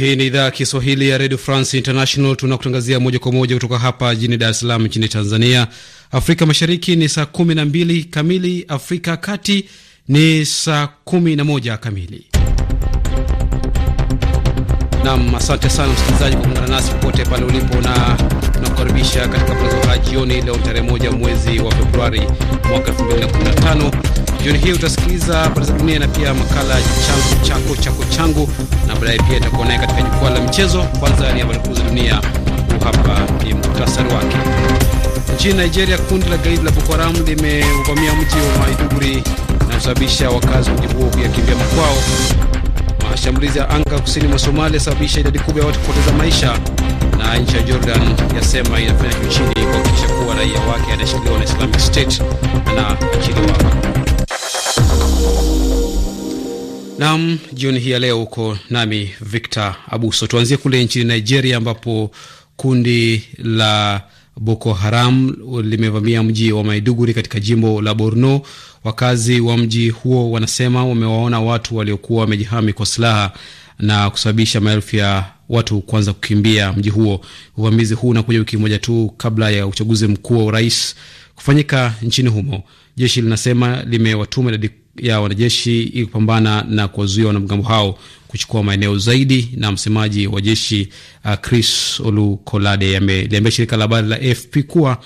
Hii ni idhaa ya Kiswahili ya Radio France International. Tunakutangazia moja kwa moja kutoka hapa jijini Dar es Salaam nchini Tanzania. Afrika Mashariki ni saa kumi na mbili kamili, Afrika ya Kati ni saa kumi na moja kamili. Nam, asante sana msikilizaji kwa kuungana nasi popote pale ulipo, na tunakukaribisha katika matangazo wa jioni leo tarehe moja mwezi wa Februari mwaka 2015 Jioni hii utasikiliza habari za dunia na pia makala changu chako chako changu, na baadaye pia itakuwa naye katika jukwaa la michezo. Kwanza ni habari kuu za dunia, huu hapa ni muhtasari wake. Nchini Nigeria, kundi la gaidi la Boko Haram limeuvamia mji wa Maiduguri na kusababisha wakazi wa mji huo kuyakimbia makwao. Mashambulizi ya anga kusini mwa Somalia yasababisha idadi kubwa ya watu kupoteza maisha, na nchi ya Jordan yasema inafanya juu chini kuhakikisha kuwa raia wake anashikiliwa na Islamic State anaachiliwa. Nam, jioni hii ya leo uko nami Victor Abuso. Tuanzie kule nchini Nigeria ambapo kundi la Boko Haram limevamia mji wa Maiduguri katika jimbo la Borno. Wakazi wa mji huo wanasema wamewaona watu waliokuwa wamejihami kwa silaha na kusababisha maelfu ya watu kuanza kukimbia mji huo. Uvamizi huu unakuja wiki moja tu kabla ya uchaguzi mkuu wa urais kufanyika nchini humo. Jeshi linasema limewatuma idadi ya wanajeshi ili kupambana na kuwazuia wanamgambo hao kuchukua maeneo zaidi. Na msemaji wa jeshi uh, Chris Olukolade ameliambia shirika la habari la AFP kuwa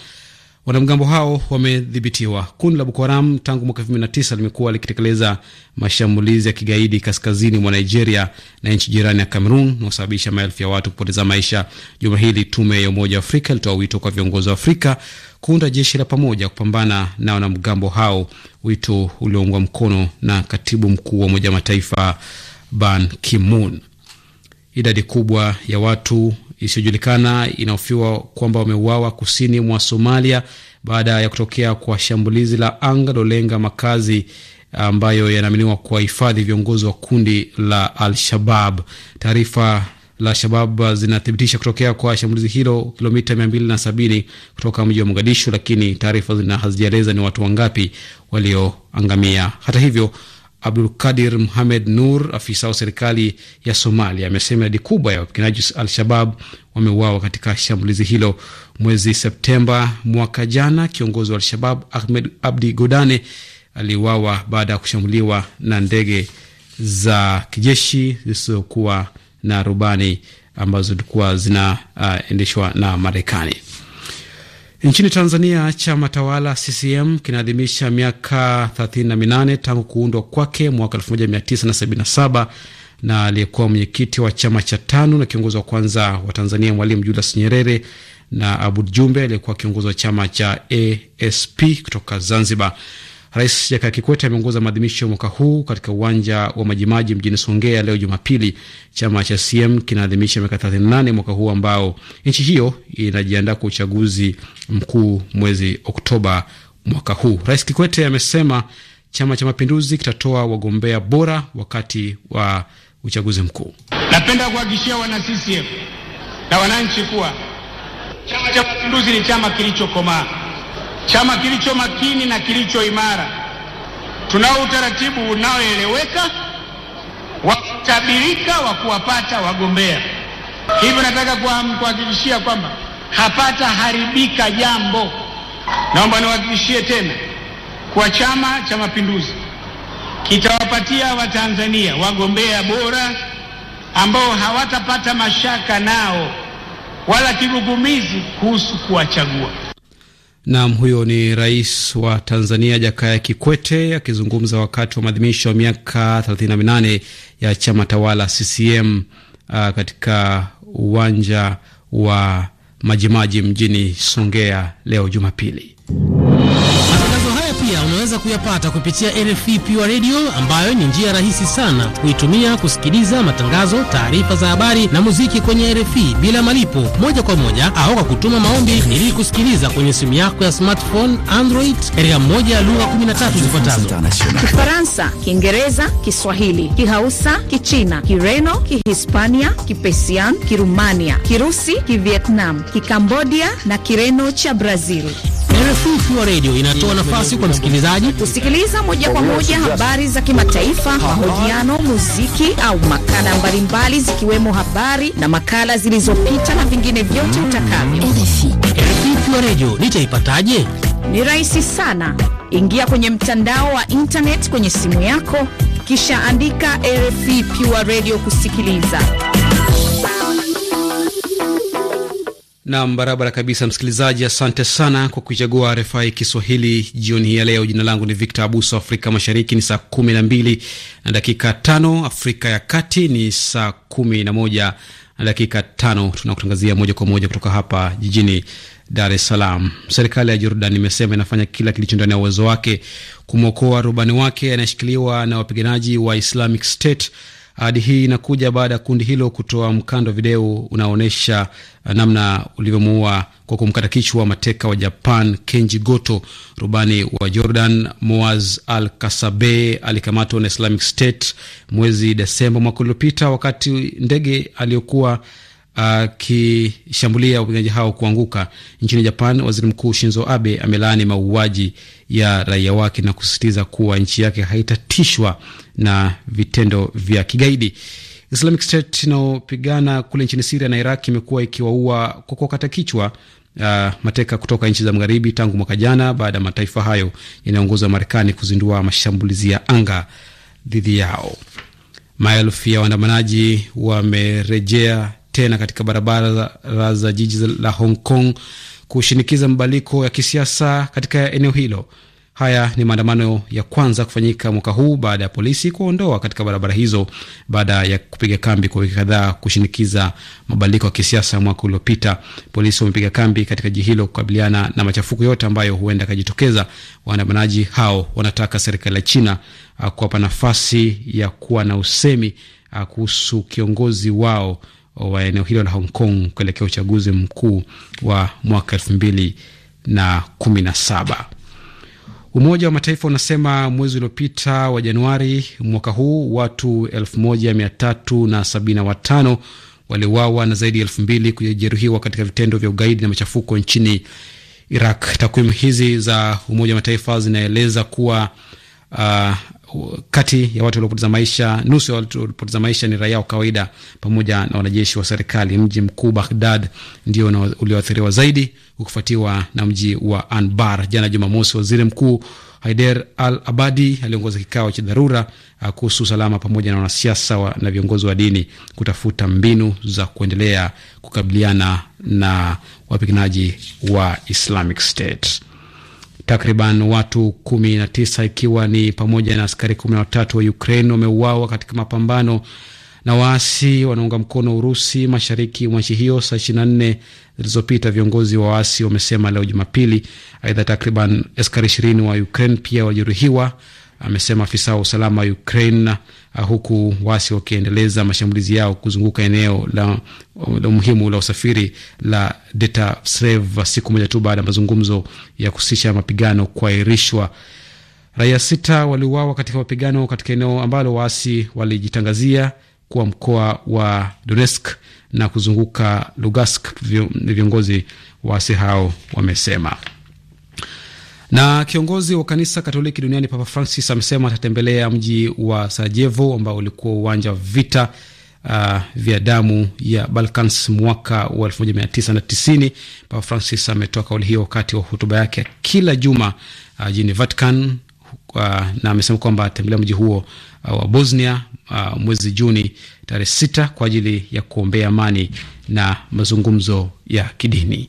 wanamgambo hao wamedhibitiwa. Kundi la Boko Haram tangu mwaka elfu mbili na tisa limekuwa likitekeleza mashambulizi ya kigaidi kaskazini mwa Nigeria na nchi jirani ya Cameroon na kusababisha maelfu ya watu kupoteza maisha. Juma hili tume ya Umoja wa Afrika ilitoa wito kwa viongozi wa Afrika kuunda jeshi la pamoja kupambana na wanamgambo hao, wito ulioungwa mkono na katibu mkuu wa Umoja wa Mataifa Ban Ki-moon. Idadi kubwa ya watu isiyojulikana inahofiwa kwamba wameuawa kusini mwa Somalia baada ya kutokea kwa shambulizi la anga lilolenga makazi ambayo yanaaminiwa kuwahifadhi viongozi wa kundi la Al-Shabab. Taarifa la shabab zinathibitisha kutokea kwa shambulizi hilo kilomita 270 kutoka mji wa Mogadishu, lakini taarifa hazijaeleza ni watu wangapi walioangamia. Hata hivyo, Abdul Qadir Muhamed Nur, afisa wa serikali ya Somalia, amesema idadi kubwa ya wapiganaji Al-Shabab wameuawa katika shambulizi hilo. Mwezi Septemba mwaka jana, kiongozi wa Al-Shabab Ahmed Abdi Godane aliuawa baada ya kushambuliwa na ndege za kijeshi zisizokuwa na rubani ambazo zilikuwa zinaendeshwa uh, na Marekani. Nchini Tanzania, chama tawala CCM kinaadhimisha miaka 38 tangu kuundwa kwake mwaka 1977 na aliyekuwa mwenyekiti wa chama cha tano na kiongozi wa kwanza wa Tanzania Mwalimu Julius Nyerere na Abud Jumbe aliyekuwa kiongozi wa chama cha ASP kutoka Zanzibar. Rais Jakaya Kikwete ameongoza maadhimisho mwaka huu katika uwanja wa Majimaji mjini Songea leo Jumapili. Chama cha CCM kinaadhimisha miaka 38 mwaka huu ambao nchi hiyo inajiandaa kwa uchaguzi mkuu mwezi Oktoba mwaka huu. Rais Kikwete amesema Chama cha Mapinduzi kitatoa wagombea bora wakati wa uchaguzi mkuu. Napenda kuhakikishia wana CCM na wananchi kuwa Chama cha Mapinduzi ni chama kilichokomaa chama kilicho makini na kilicho imara. Tunao utaratibu unaoeleweka wa kutabirika wa kuwapata wagombea. Hivyo nataka kuhakikishia kwamba hapata haribika jambo. Naomba niwahakikishie tena kwa Chama cha Mapinduzi kitawapatia Watanzania wagombea bora ambao hawatapata mashaka nao wala kigugumizi kuhusu kuwachagua. Nam, huyo ni rais wa Tanzania Jakaya Kikwete akizungumza wakati wa maadhimisho ya miaka 38 ya chama tawala CCM uh, katika uwanja wa Majimaji mjini Songea leo Jumapili unaweza kuyapata kupitia RFI Pure Radio ambayo ni njia rahisi sana kuitumia kusikiliza matangazo, taarifa za habari na muziki kwenye RFI bila malipo, moja kwa moja au kwa kutuma maombi ili kusikiliza kwenye simu yako ya smartphone Android, katika moja ya lugha 13 zifuatazo: Kifaransa, Kiingereza, Kiswahili, Kihausa, Kichina, Kireno, Kihispania, Kipesian, Kirumania, Kirusi, Kivietnam, Kikambodia na Kireno cha Brazil. RFI Pure Radio inatoa nafasi kwa msikilizaji msikilizaji kusikiliza moja kwa moja habari za kimataifa, mahojiano, muziki au makala mbalimbali zikiwemo habari na makala zilizopita na vingine vyote utakavyo. nitaipataje? Ni rahisi sana. Ingia kwenye mtandao wa internet kwenye simu yako kisha andika RFI Pure Radio kusikiliza. Nam, barabara kabisa, msikilizaji. Asante sana kwa kuichagua RFI Kiswahili jioni hii ya leo. Jina langu ni Victor Abuso. Afrika Mashariki ni saa kumi na mbili na dakika tano, Afrika ya Kati ni saa kumi na moja na dakika tano. Tunakutangazia moja kwa moja kutoka hapa jijini Dar es Salaam. Serikali ya Jordan imesema inafanya kila kilicho ndani ya uwezo wake kumwokoa rubani wake anayeshikiliwa na wapiganaji wa Islamic State Ahadi hii inakuja baada ya kundi hilo kutoa mkando wa video unaonyesha uh, namna ulivyomuua kwa kumkata kichwa mateka wa Japan Kenji Goto. Rubani wa Jordan Moaz Al Kasabe alikamatwa na Islamic State mwezi Desemba mwaka uliopita wakati ndege aliyokuwa akishambulia wapiganaji hao kuanguka. Nchini Japan, waziri mkuu Shinzo Abe amelaani mauaji ya raia wake na kusisitiza kuwa nchi yake haitatishwa na vitendo vya kigaidi. Islamic State inayopigana kule nchini Siria na Iraq imekuwa ikiwaua kwa kukata kichwa Uh, mateka kutoka nchi za magharibi tangu mwaka jana baada ya mataifa hayo yanayoongozwa Marekani kuzindua mashambulizi ya anga dhidi yao. Maelfu ya waandamanaji wamerejea tena katika barabara za, za jiji la Hong Kong kushinikiza mabadiliko ya kisiasa katika eneo hilo. Haya ni maandamano ya kwanza kufanyika mwaka huu baada ya polisi kuondoa katika barabara hizo baada ya kupiga kambi kwa wiki kadhaa kushinikiza mabadiliko ya kisiasa mwaka uliopita. Polisi wamepiga kambi katika jiji hilo kukabiliana na machafuko yote ambayo huenda akajitokeza. Waandamanaji hao wanataka serikali ya China ah, kuwapa nafasi ya kuwa na usemi ah, kuhusu kiongozi wao wa eneo hilo la Hong Kong kuelekea uchaguzi mkuu wa mwaka elfu mbili na kumi na saba. Umoja wa Mataifa unasema mwezi uliopita wa Januari mwaka huu watu 1375 waliuawa na zaidi ya mbili kujeruhiwa katika vitendo vya ugaidi na machafuko nchini Iraq. Takwimu hizi za Umoja wa Mataifa zinaeleza kuwa uh, kati ya watu waliopoteza maisha, nusu ya watu waliopoteza maisha ni raia wa kawaida pamoja na wanajeshi wa serikali. Mji mkuu Baghdad ndio ulioathiriwa zaidi, ukifuatiwa na mji wa Anbar. Jana Jumamosi, waziri mkuu Haider Al Abadi aliongoza kikao cha dharura ah, kuhusu usalama pamoja na wanasiasa wa, na viongozi wa dini kutafuta mbinu za kuendelea kukabiliana na wapiganaji wa Islamic State. Takriban watu 19 ikiwa ni pamoja na askari 13 wa Ukraine wameuawa katika mapambano na waasi wanaunga mkono Urusi mashariki mwa nchi hiyo saa 24 zilizopita, viongozi wa waasi wamesema leo Jumapili. Aidha, takriban askari 20 wa Ukraine pia wajeruhiwa amesema afisa wa usalama wa Ukraine, uh, huku wasi wakiendeleza mashambulizi yao kuzunguka eneo la, uh, la muhimu la usafiri la Detashev siku moja tu baada ya mazungumzo ya kuhusisha mapigano kuahirishwa. Raia sita waliuawa katika mapigano katika eneo ambalo waasi walijitangazia kuwa mkoa wa Donetsk na kuzunguka Lugansk, viongozi waasi hao wamesema. Na kiongozi wa kanisa Katoliki duniani Papa Francis amesema atatembelea mji wa Sarajevo ambao ulikuwa uwanja wa vita uh, vya damu ya Balkans mwaka wa 1990. Papa Francis ametoa kauli hiyo wakati wa hotuba yake ya kila juma uh, jini Vatican uh, na amesema kwamba atatembelea mji huo uh, wa Bosnia uh, mwezi Juni tarehe 6 kwa ajili ya kuombea amani na mazungumzo ya kidini.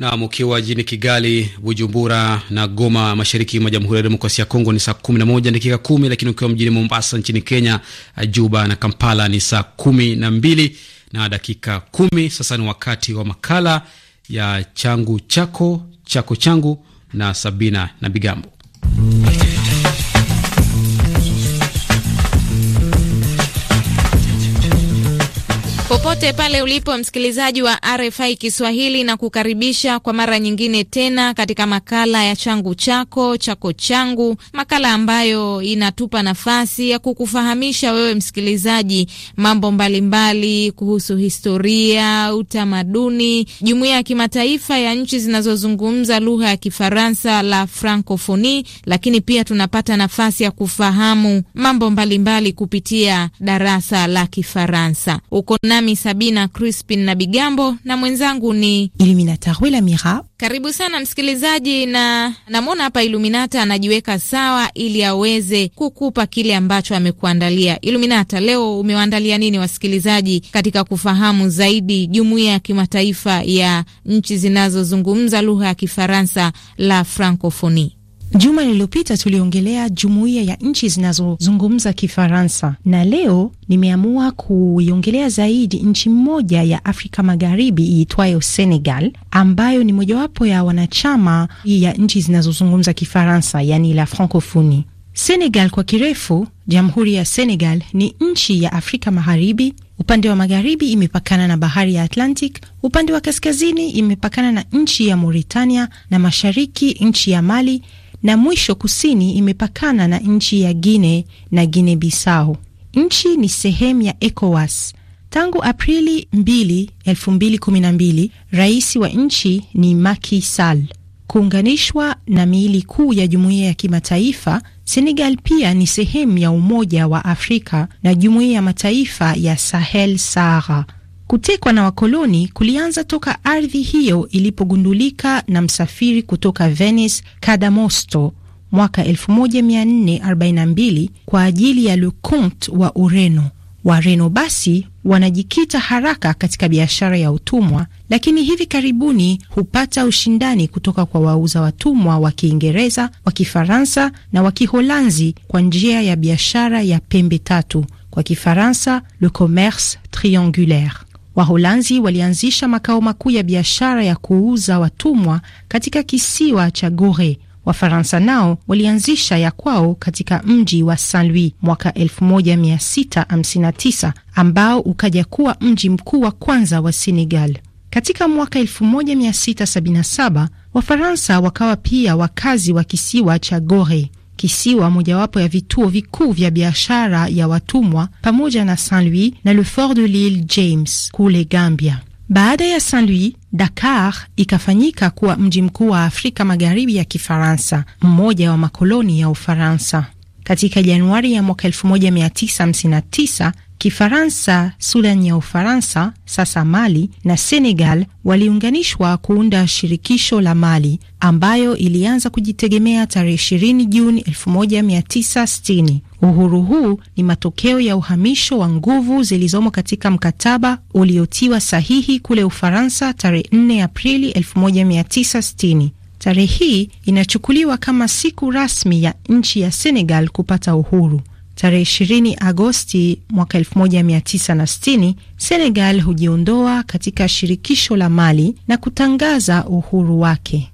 Nam, ukiwa jijini Kigali, Bujumbura na Goma, mashariki mwa Jamhuri ya Demokrasia ya Kongo ni saa 11 dakika kumi, lakini ukiwa mjini Mombasa nchini Kenya, Juba na Kampala ni saa kumi na mbili na dakika kumi. Sasa ni wakati wa makala ya changu chako chako changu na Sabina na Bigambo. Popote pale ulipo msikilizaji wa RFI Kiswahili na kukaribisha kwa mara nyingine tena katika makala ya changu chako chako changu, makala ambayo inatupa nafasi ya kukufahamisha wewe msikilizaji mambo mbalimbali mbali, kuhusu historia, utamaduni, jumuiya ya kimataifa ya nchi zinazozungumza lugha ya Kifaransa la francofoni lakini pia tunapata nafasi ya kufahamu mambo mbalimbali mbali kupitia darasa la Kifaransa. Uko na nami Sabina Crispin na Bigambo na mwenzangu ni Iluminata ruela Mira. Karibu sana msikilizaji, na namwona hapa Iluminata anajiweka sawa ili aweze kukupa kile ambacho amekuandalia. Iluminata, leo umewaandalia nini wasikilizaji katika kufahamu zaidi jumuiya ya kimataifa ya nchi zinazozungumza lugha ya Kifaransa la Francophonie? Juma lililopita tuliongelea jumuiya ya nchi zinazozungumza Kifaransa, na leo nimeamua kuiongelea zaidi nchi moja ya Afrika Magharibi iitwayo Senegal, ambayo ni mojawapo ya wanachama ya nchi zinazozungumza Kifaransa, yani la francofoni Senegal kwa kirefu, Jamhuri ya Senegal ni nchi ya Afrika Magharibi. Upande wa magharibi imepakana na bahari ya Atlantic, upande wa kaskazini imepakana na nchi ya Mauritania na mashariki nchi ya Mali na mwisho kusini imepakana na nchi ya Guine na Guine Bissau. Nchi ni sehemu ya ECOWAS. Tangu Aprili 2, 2012 rais wa nchi ni Macky Sall. Kuunganishwa na miili kuu ya jumuiya ya kimataifa, Senegal pia ni sehemu ya Umoja wa Afrika na Jumuiya ya Mataifa ya Sahel Sahara. Kutekwa na wakoloni kulianza toka ardhi hiyo ilipogundulika na msafiri kutoka Venice Cadamosto mwaka 1442 kwa ajili ya Le Comte wa Ureno. Wareno basi wanajikita haraka katika biashara ya utumwa, lakini hivi karibuni hupata ushindani kutoka kwa wauza watumwa wa Kiingereza, wa Kifaransa na wa Kiholanzi kwa njia ya biashara ya pembe tatu, kwa Kifaransa le commerce triangulaire. Waholanzi walianzisha makao makuu ya biashara ya kuuza watumwa katika kisiwa cha Gore. Wafaransa nao walianzisha ya kwao katika mji wa Saint Louis mwaka 1659 ambao ukaja kuwa mji mkuu wa kwanza wa Senegal. Katika mwaka 1677 Wafaransa wakawa pia wakazi wa kisiwa cha Gore kisiwa mojawapo ya vituo vikuu vya biashara ya watumwa pamoja na Saint Louis na le fort de l'Ile James kule Gambia. Baada ya Saint Louis, Dakar ikafanyika kuwa mji mkuu wa Afrika Magharibi ya Kifaransa, mmoja wa makoloni ya Ufaransa. Katika Januari ya mwaka 1959 Kifaransa, Sudani ya Ufaransa, sasa Mali na Senegal waliunganishwa kuunda shirikisho la Mali ambayo ilianza kujitegemea tarehe 20 Juni 1960. Uhuru huu ni matokeo ya uhamisho wa nguvu zilizomo katika mkataba uliotiwa sahihi kule Ufaransa tarehe 4 Aprili 1960. Tarehe hii inachukuliwa kama siku rasmi ya nchi ya Senegal kupata uhuru tarehe 20 Agosti mwaka 1960 Senegal hujiondoa katika shirikisho la Mali na kutangaza uhuru wake.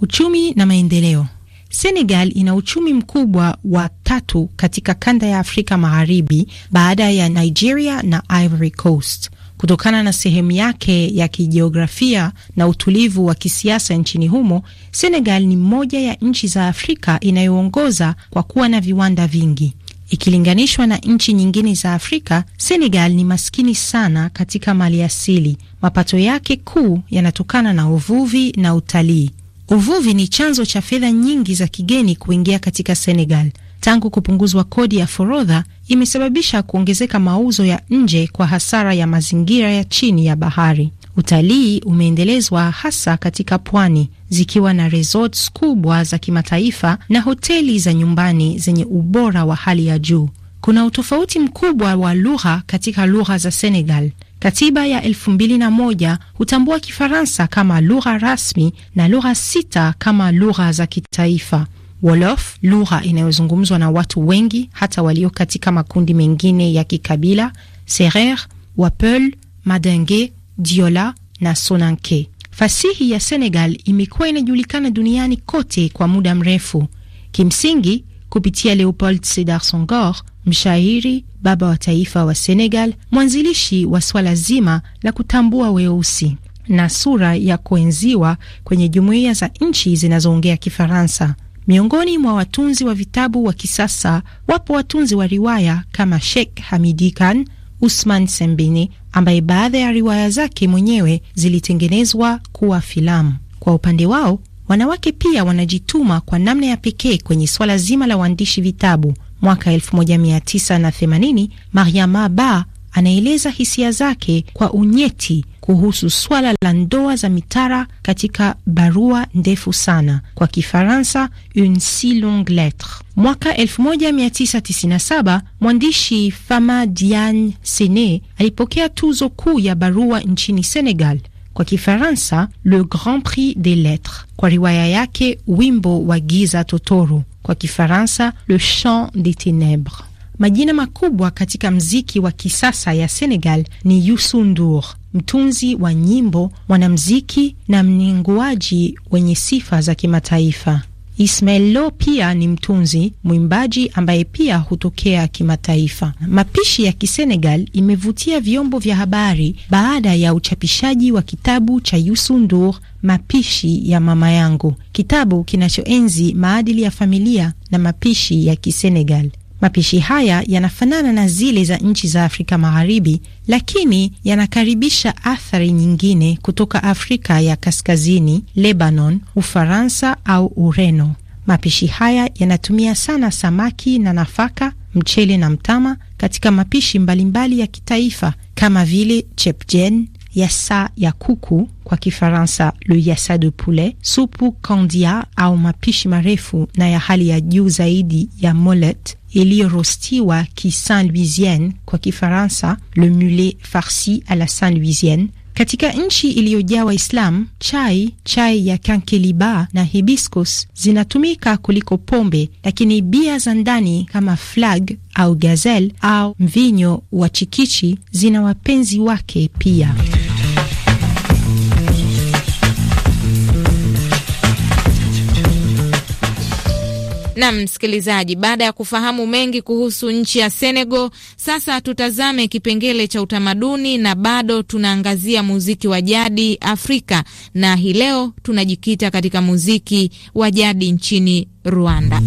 Uchumi na maendeleo. Senegal ina uchumi mkubwa wa tatu katika kanda ya Afrika Magharibi baada ya Nigeria na Ivory Coast kutokana na sehemu yake ya kijiografia na utulivu wa kisiasa nchini humo, Senegal ni moja ya nchi za Afrika inayoongoza kwa kuwa na viwanda vingi. Ikilinganishwa na nchi nyingine za Afrika, Senegal ni maskini sana katika mali asili. Mapato yake kuu yanatokana na uvuvi na utalii. Uvuvi ni chanzo cha fedha nyingi za kigeni kuingia katika Senegal. Tangu kupunguzwa kodi ya forodha, imesababisha kuongezeka mauzo ya nje kwa hasara ya mazingira ya chini ya bahari. Utalii umeendelezwa hasa katika pwani zikiwa na resorts kubwa za kimataifa na hoteli za nyumbani zenye ubora wa hali ya juu. Kuna utofauti mkubwa wa lugha katika lugha za Senegal. Katiba ya elfu hutambua Kifaransa kama lugha rasmi na lugha sita kama lugha za kitaifa. Wolof, lugha inayozungumzwa na watu wengi hata walio katika makundi mengine ya kikabila, Serer, Wapel, Madenge, Diola na Sonanke. Fasihi ya Senegal imekuwa inajulikana duniani kote kwa muda mrefu, kimsingi kupitia Leopold Sedar Senghor, mshairi, baba wa taifa wa Senegal, mwanzilishi wa swala zima la kutambua weusi na sura ya kuenziwa kwenye jumuiya za nchi zinazoongea Kifaransa. Miongoni mwa watunzi wa vitabu wa kisasa wapo watunzi wa riwaya kama Sheikh Hamidi Kan, Usman Sembini ambaye baadhi ya riwaya zake mwenyewe zilitengenezwa kuwa filamu. Kwa upande wao, wanawake pia wanajituma kwa namna ya pekee kwenye swala zima la uandishi vitabu. Mwaka 1980 Mariama Ba anaeleza hisia zake kwa unyeti kuhusu swala la ndoa za mitara katika barua ndefu sana kwa Kifaransa, une si longue lettre. Mwaka 1997 mwandishi Fama diane Sene alipokea tuzo kuu ya barua nchini Senegal, kwa Kifaransa le Grand Prix des Lettres, kwa riwaya yake wimbo wa giza totoro, kwa Kifaransa le chant des ténèbres. Majina makubwa katika mziki wa kisasa ya Senegal ni Youssou Ndour mtunzi wa nyimbo, mwanamuziki na mninguaji wenye sifa za kimataifa. ismael Lo pia ni mtunzi mwimbaji ambaye pia hutokea kimataifa. Mapishi ya Kisenegal imevutia vyombo vya habari baada ya uchapishaji wa kitabu cha Youssou N'Dour, Mapishi ya Mama Yangu, kitabu kinachoenzi maadili ya familia na mapishi ya Kisenegal. Mapishi haya yanafanana na zile za nchi za Afrika Magharibi, lakini yanakaribisha athari nyingine kutoka Afrika ya Kaskazini, Lebanon, Ufaransa au Ureno. Mapishi haya yanatumia sana samaki na nafaka, mchele na mtama katika mapishi mbalimbali ya kitaifa kama vile chepjen, yasa ya kuku, kwa Kifaransa le yasa de poulet, supu kandia au mapishi marefu na ya hali ya juu zaidi ya mollet iliyorostiwa ki Saint-Louisienne, kwa Kifaransa le mulet farci a la Saint-Louisienne. Katika nchi iliyojaa Waislamu, chai, chai ya kankeliba na hibiscus zinatumika kuliko pombe, lakini bia za ndani kama flag au gazel au mvinyo wa chikichi zina wapenzi wake pia. Nam msikilizaji, baada ya kufahamu mengi kuhusu nchi ya Senegal, sasa tutazame kipengele cha utamaduni, na bado tunaangazia muziki wa jadi Afrika, na hii leo tunajikita katika muziki wa jadi nchini Rwanda.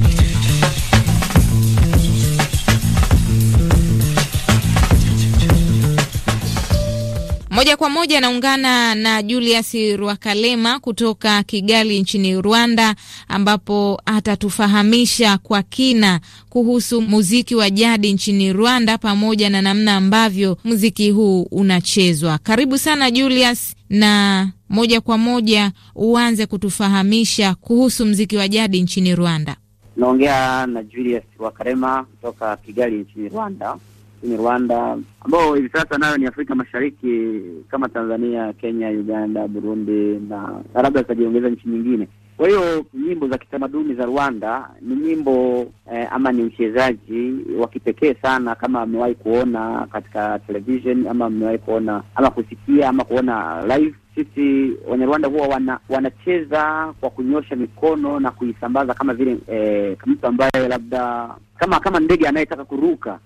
Moja kwa moja anaungana na Julius Rwakalema kutoka Kigali nchini Rwanda, ambapo atatufahamisha kwa kina kuhusu muziki wa jadi nchini Rwanda pamoja na namna ambavyo muziki huu unachezwa. Karibu sana Julius, na moja kwa moja uanze kutufahamisha kuhusu muziki wa jadi nchini Rwanda. Naongea na Julius Rwakalema kutoka Kigali nchini Rwanda nchini Rwanda, ambao hivi sasa nayo ni Afrika Mashariki kama Tanzania, Kenya, Uganda, Burundi na labda zitajiongeza nchi nyingine. Kwa hiyo nyimbo za kitamaduni za Rwanda ni nyimbo eh, ama ni uchezaji wa kipekee sana, kama amewahi kuona katika television ama amewahi kuona ama kusikia ama kuona live. Sisi Wanyarwanda huwa wana, wanacheza kwa kunyosha mikono na kuisambaza kama vile eh, mtu ambaye labda kama kama ndege anayetaka kuruka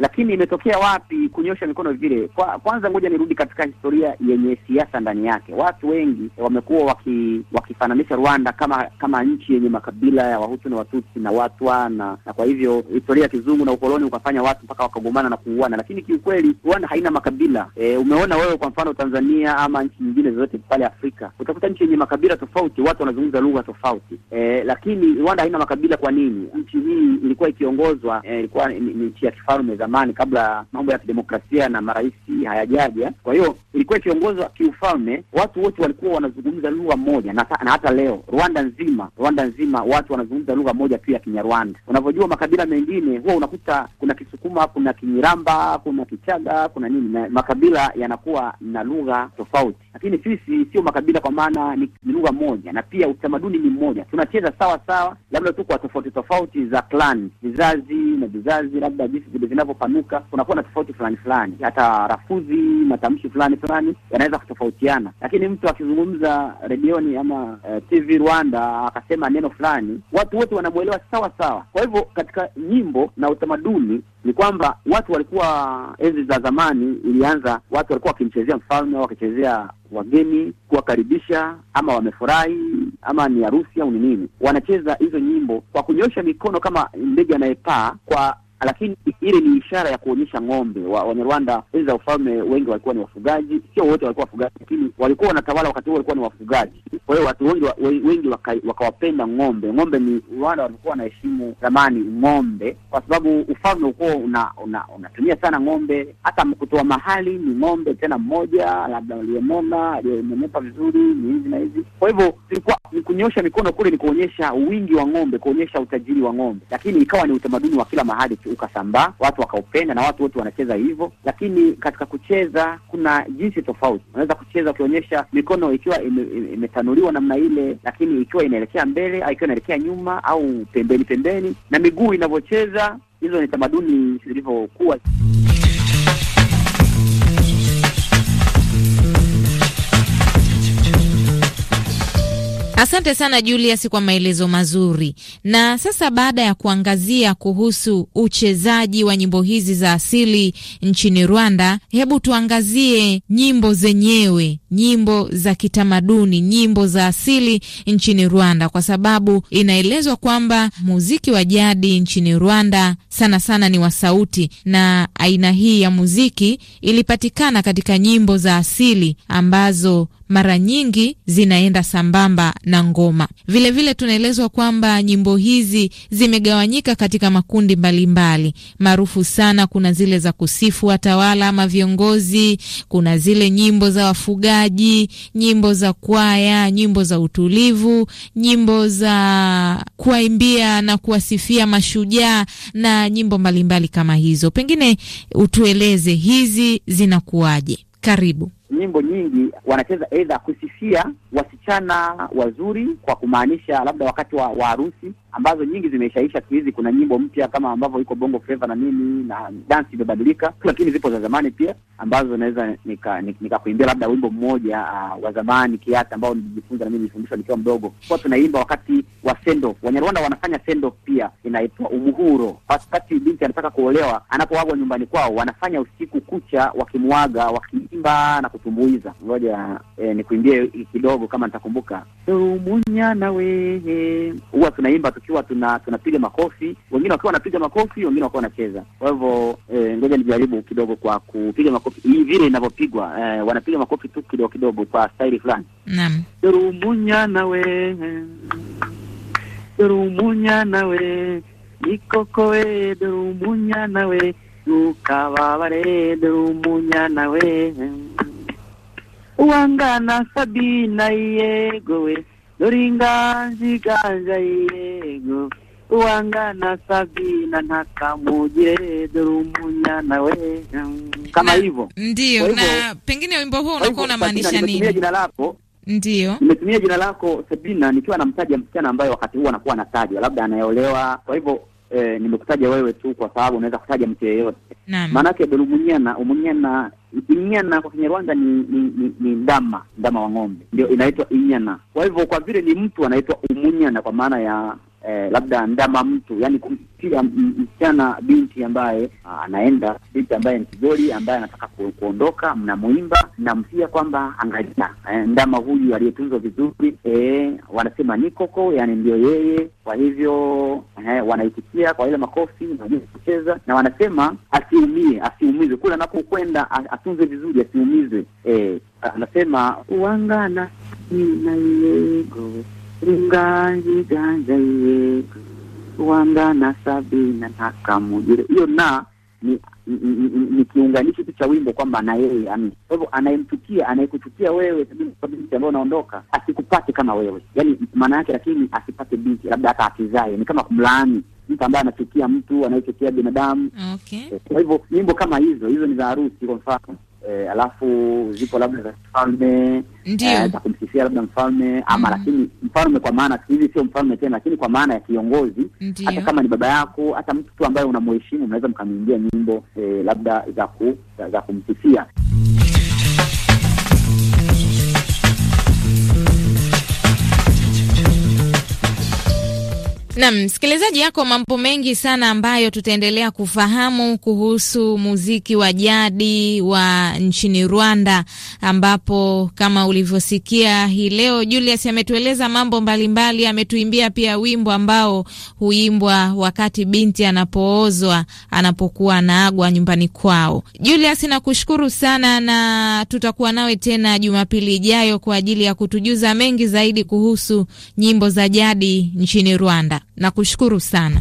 lakini imetokea wapi kunyosha mikono vile? Kwa, kwanza ngoja nirudi katika historia yenye siasa ndani yake. Watu wengi wamekuwa waki, wakifananisha Rwanda kama kama nchi yenye makabila ya Wahutu na Watutsi na Watwa na, na kwa hivyo historia ya kizungu na ukoloni ukafanya watu mpaka wakagombana na kuuana, lakini kiukweli Rwanda haina makabila e, umeona wewe kwa mfano Tanzania ama nchi nyingine zozote pale Afrika utakuta nchi yenye makabila tofauti, watu wanazungumza lugha tofauti e, lakini Rwanda haina makabila. Kwa nini? Nchi hii ilikuwa ikiongozwa e, ilikuwa ni nchi ya kifalme zamani kabla mambo ya kidemokrasia na marais hayajaja. Kwa hiyo ilikuwa ikiongozwa kiufalme, watu wote walikuwa wanazungumza lugha moja na, na hata leo Rwanda nzima, Rwanda nzima watu wanazungumza lugha moja pia ya Kinyarwanda. Unavyojua makabila mengine huwa unakuta kuna Kisukuma, kuna Kinyiramba, kuna Kichaga, kuna nini na makabila yanakuwa na lugha tofauti lakini sisi sio makabila, kwa maana ni lugha moja na pia utamaduni ni mmoja. Tunacheza sawa sawa, labda tu kwa tofauti tofauti za clan, vizazi na vizazi, labda jinsi vile vinavyopanuka, kunakuwa na tofauti fulani fulani, hata rafuzi, matamshi fulani fulani yanaweza kutofautiana. Lakini mtu akizungumza redioni ama eh, TV Rwanda akasema neno fulani, watu wote wanamwelewa sawa sawa. Kwa hivyo katika nyimbo na utamaduni ni kwamba watu walikuwa, enzi za zamani ilianza, watu walikuwa wakimchezea mfalme au wakichezea wageni kuwakaribisha, ama wamefurahi ama ni harusi au ni nini, wanacheza hizo nyimbo kwa kunyosha mikono kama ndege anayepaa kwa lakini ile ni ishara ya kuonyesha ng'ombe. Wanyarwanda enzi za ufalme wengi walikuwa ni wafugaji, sio wote walikuwa wafugaji, lakini walikuwa wanatawala wakati huo walikuwa ni wafugaji. Kwa hiyo watu wengi, wengi, wakawapenda waka ng'ombe. Ng'ombe ni Rwanda walikuwa wanaheshimu zamani ng'ombe, kwa sababu ufalme unatumia una, una, unatumia sana ng'ombe. Hata kutoa mahali ni ng'ombe tena mmoja, labda aliyemona aliyemenepa vizuri, ni hizi na hizi. Kwa hivyo tulikuwa kunyosha mikono kule, ni kuonyesha wingi wa ng'ombe, kuonyesha utajiri wa ng'ombe, lakini ikawa ni utamaduni wa kila mahali ukasambaa, watu wakaupenda na watu wote wanacheza hivyo. Lakini katika kucheza kuna jinsi tofauti, unaweza kucheza ukionyesha mikono ikiwa imetanuliwa ime namna ile, lakini ikiwa inaelekea mbele au ikiwa inaelekea nyuma au pembeni pembeni, na miguu inavyocheza. Hizo ni tamaduni zilivyokuwa. Asante sana Julius kwa maelezo mazuri. Na sasa baada ya kuangazia kuhusu uchezaji wa nyimbo hizi za asili nchini Rwanda, hebu tuangazie nyimbo zenyewe, nyimbo za kitamaduni, nyimbo za asili nchini Rwanda, kwa sababu inaelezwa kwamba muziki wa jadi nchini Rwanda sana sana ni wa sauti, na aina hii ya muziki ilipatikana katika nyimbo za asili ambazo mara nyingi zinaenda sambamba na ngoma. Vilevile tunaelezwa kwamba nyimbo hizi zimegawanyika katika makundi mbalimbali. Maarufu sana kuna zile za kusifu watawala ama viongozi, kuna zile nyimbo za wafugaji, nyimbo za kwaya, nyimbo za utulivu, nyimbo za kuwaimbia na kuwasifia mashujaa na nyimbo mbalimbali mbali kama hizo. Pengine utueleze hizi zinakuwaje? Karibu nyimbo nyingi wanacheza aidha kusifia wasichana wazuri kwa kumaanisha labda wakati wa harusi, ambazo nyingi zimeshaisha. Siku hizi kuna nyimbo mpya kama ambavyo iko bongo fleva na nini na dansi imebadilika, lakini zipo za zamani pia ambazo naweza nikakuimbia nika labda wimbo mmoja uh, wa zamani kiata ambao nilijifunza na mii nilifundishwa nikiwa mdogo, kuwa tunaimba wakati wa sendo. Wanyarwanda wanafanya sendo pia, inaitwa umuhuro. Wakati binti anataka kuolewa, anapoagwa nyumbani kwao, wanafanya usiku kucha wakimwaga, wakiimba na kutumbuiza. Ngoja eh, nikuimbie kidogo kama nitakumbuka. umunyana wehe, huwa tunaimba tukiwa tuna tunapiga makofi, wengine wakiwa wanapiga makofi, wengine wakiwa wanacheza. Kwa hivyo e, ngoja nijaribu kidogo kwa kupiga makofi hii vile inavyopigwa. e, wanapiga makofi tu kidogo kidogo kwa staili fulani. Naam, umunyana wehe dorumunya nawe ikokoe dorumunya nawe ukababare dorumunya nawe uwangana sabina yegowe doringanjiganja yego uwangana sabina ntakamugire dorumunya nawe kama hivyo ndio. Na pengine wimbo huo unakuwa unamaanisha nini? jina lako Ndiyo, nimetumia jina lako Sabina nikiwa namtaja msichana ambaye wakati huo anakuwa anatajwa, labda anayeolewa. Kwa hivyo eh, nimekutaja wewe tu kwa sababu unaweza kutaja mtu yeyote, maanake dulumunyana umunyana inyana kwa Kinyarwanda ni ni, ni ni ndama ndama wa ng'ombe, ndio inaitwa inyana. Kwa hivyo kwa vile ni mtu anaitwa umunyana kwa maana ya eh, labda ndama mtu, yani kumtia msichana binti ambaye ah, anaenda binti ambaye ni kigoli ambaye anataka ku, kuondoka, mnamuimba mnamsia kwamba angalia, eh, ndama huyu aliyetunzwa vizuri eh, wanasema nikoko, yani ndio yeye. Kwa hivyo eh, wanaitikia kwa ile makofi na kucheza na wanasema asiumie, asiumizwe kule anapokwenda, atunze vizuri, asiumizwe. Eh, anasema uangana ngangiganja na wangana na nakamujire. Hiyo na ni, ni, kiunganishi tu cha wimbo kwamba na yeye kwa hivyo, anayemchukia anayekuchukia wewe binti ambayo unaondoka asikupate kama wewe, yani maana yake, lakini asipate binti labda hata akizae, ni kama kumlaani mtu ambaye anachukia mtu anayechukia binadamu. Okay. Kwa hivyo nyimbo kama hizo hizo ni za harusi, kwa mfano eh, alafu zipo labda za mfalme e, eh, za kumsifia labda mfalme ama mm. Lakini mfalme kwa maana hivi sio mfalme tena, lakini kwa maana ya kiongozi, hata kama ni baba yako, hata mtu tu ambaye unamheshimu, unaweza mkamwimbia nyimbo eh, labda za ku, za, za kumsifia Nam msikilizaji, yako mambo mengi sana ambayo tutaendelea kufahamu kuhusu muziki wa jadi wa nchini Rwanda, ambapo kama ulivyosikia hii leo Julius ametueleza mambo mbalimbali, ametuimbia pia wimbo ambao huimbwa wakati binti anapoozwa, anapokuwa anaagwa nyumbani kwao. Julius, nakushukuru sana na tutakuwa nawe tena Jumapili ijayo kwa ajili ya kutujuza mengi zaidi kuhusu nyimbo za jadi nchini Rwanda. Nakushukuru sana.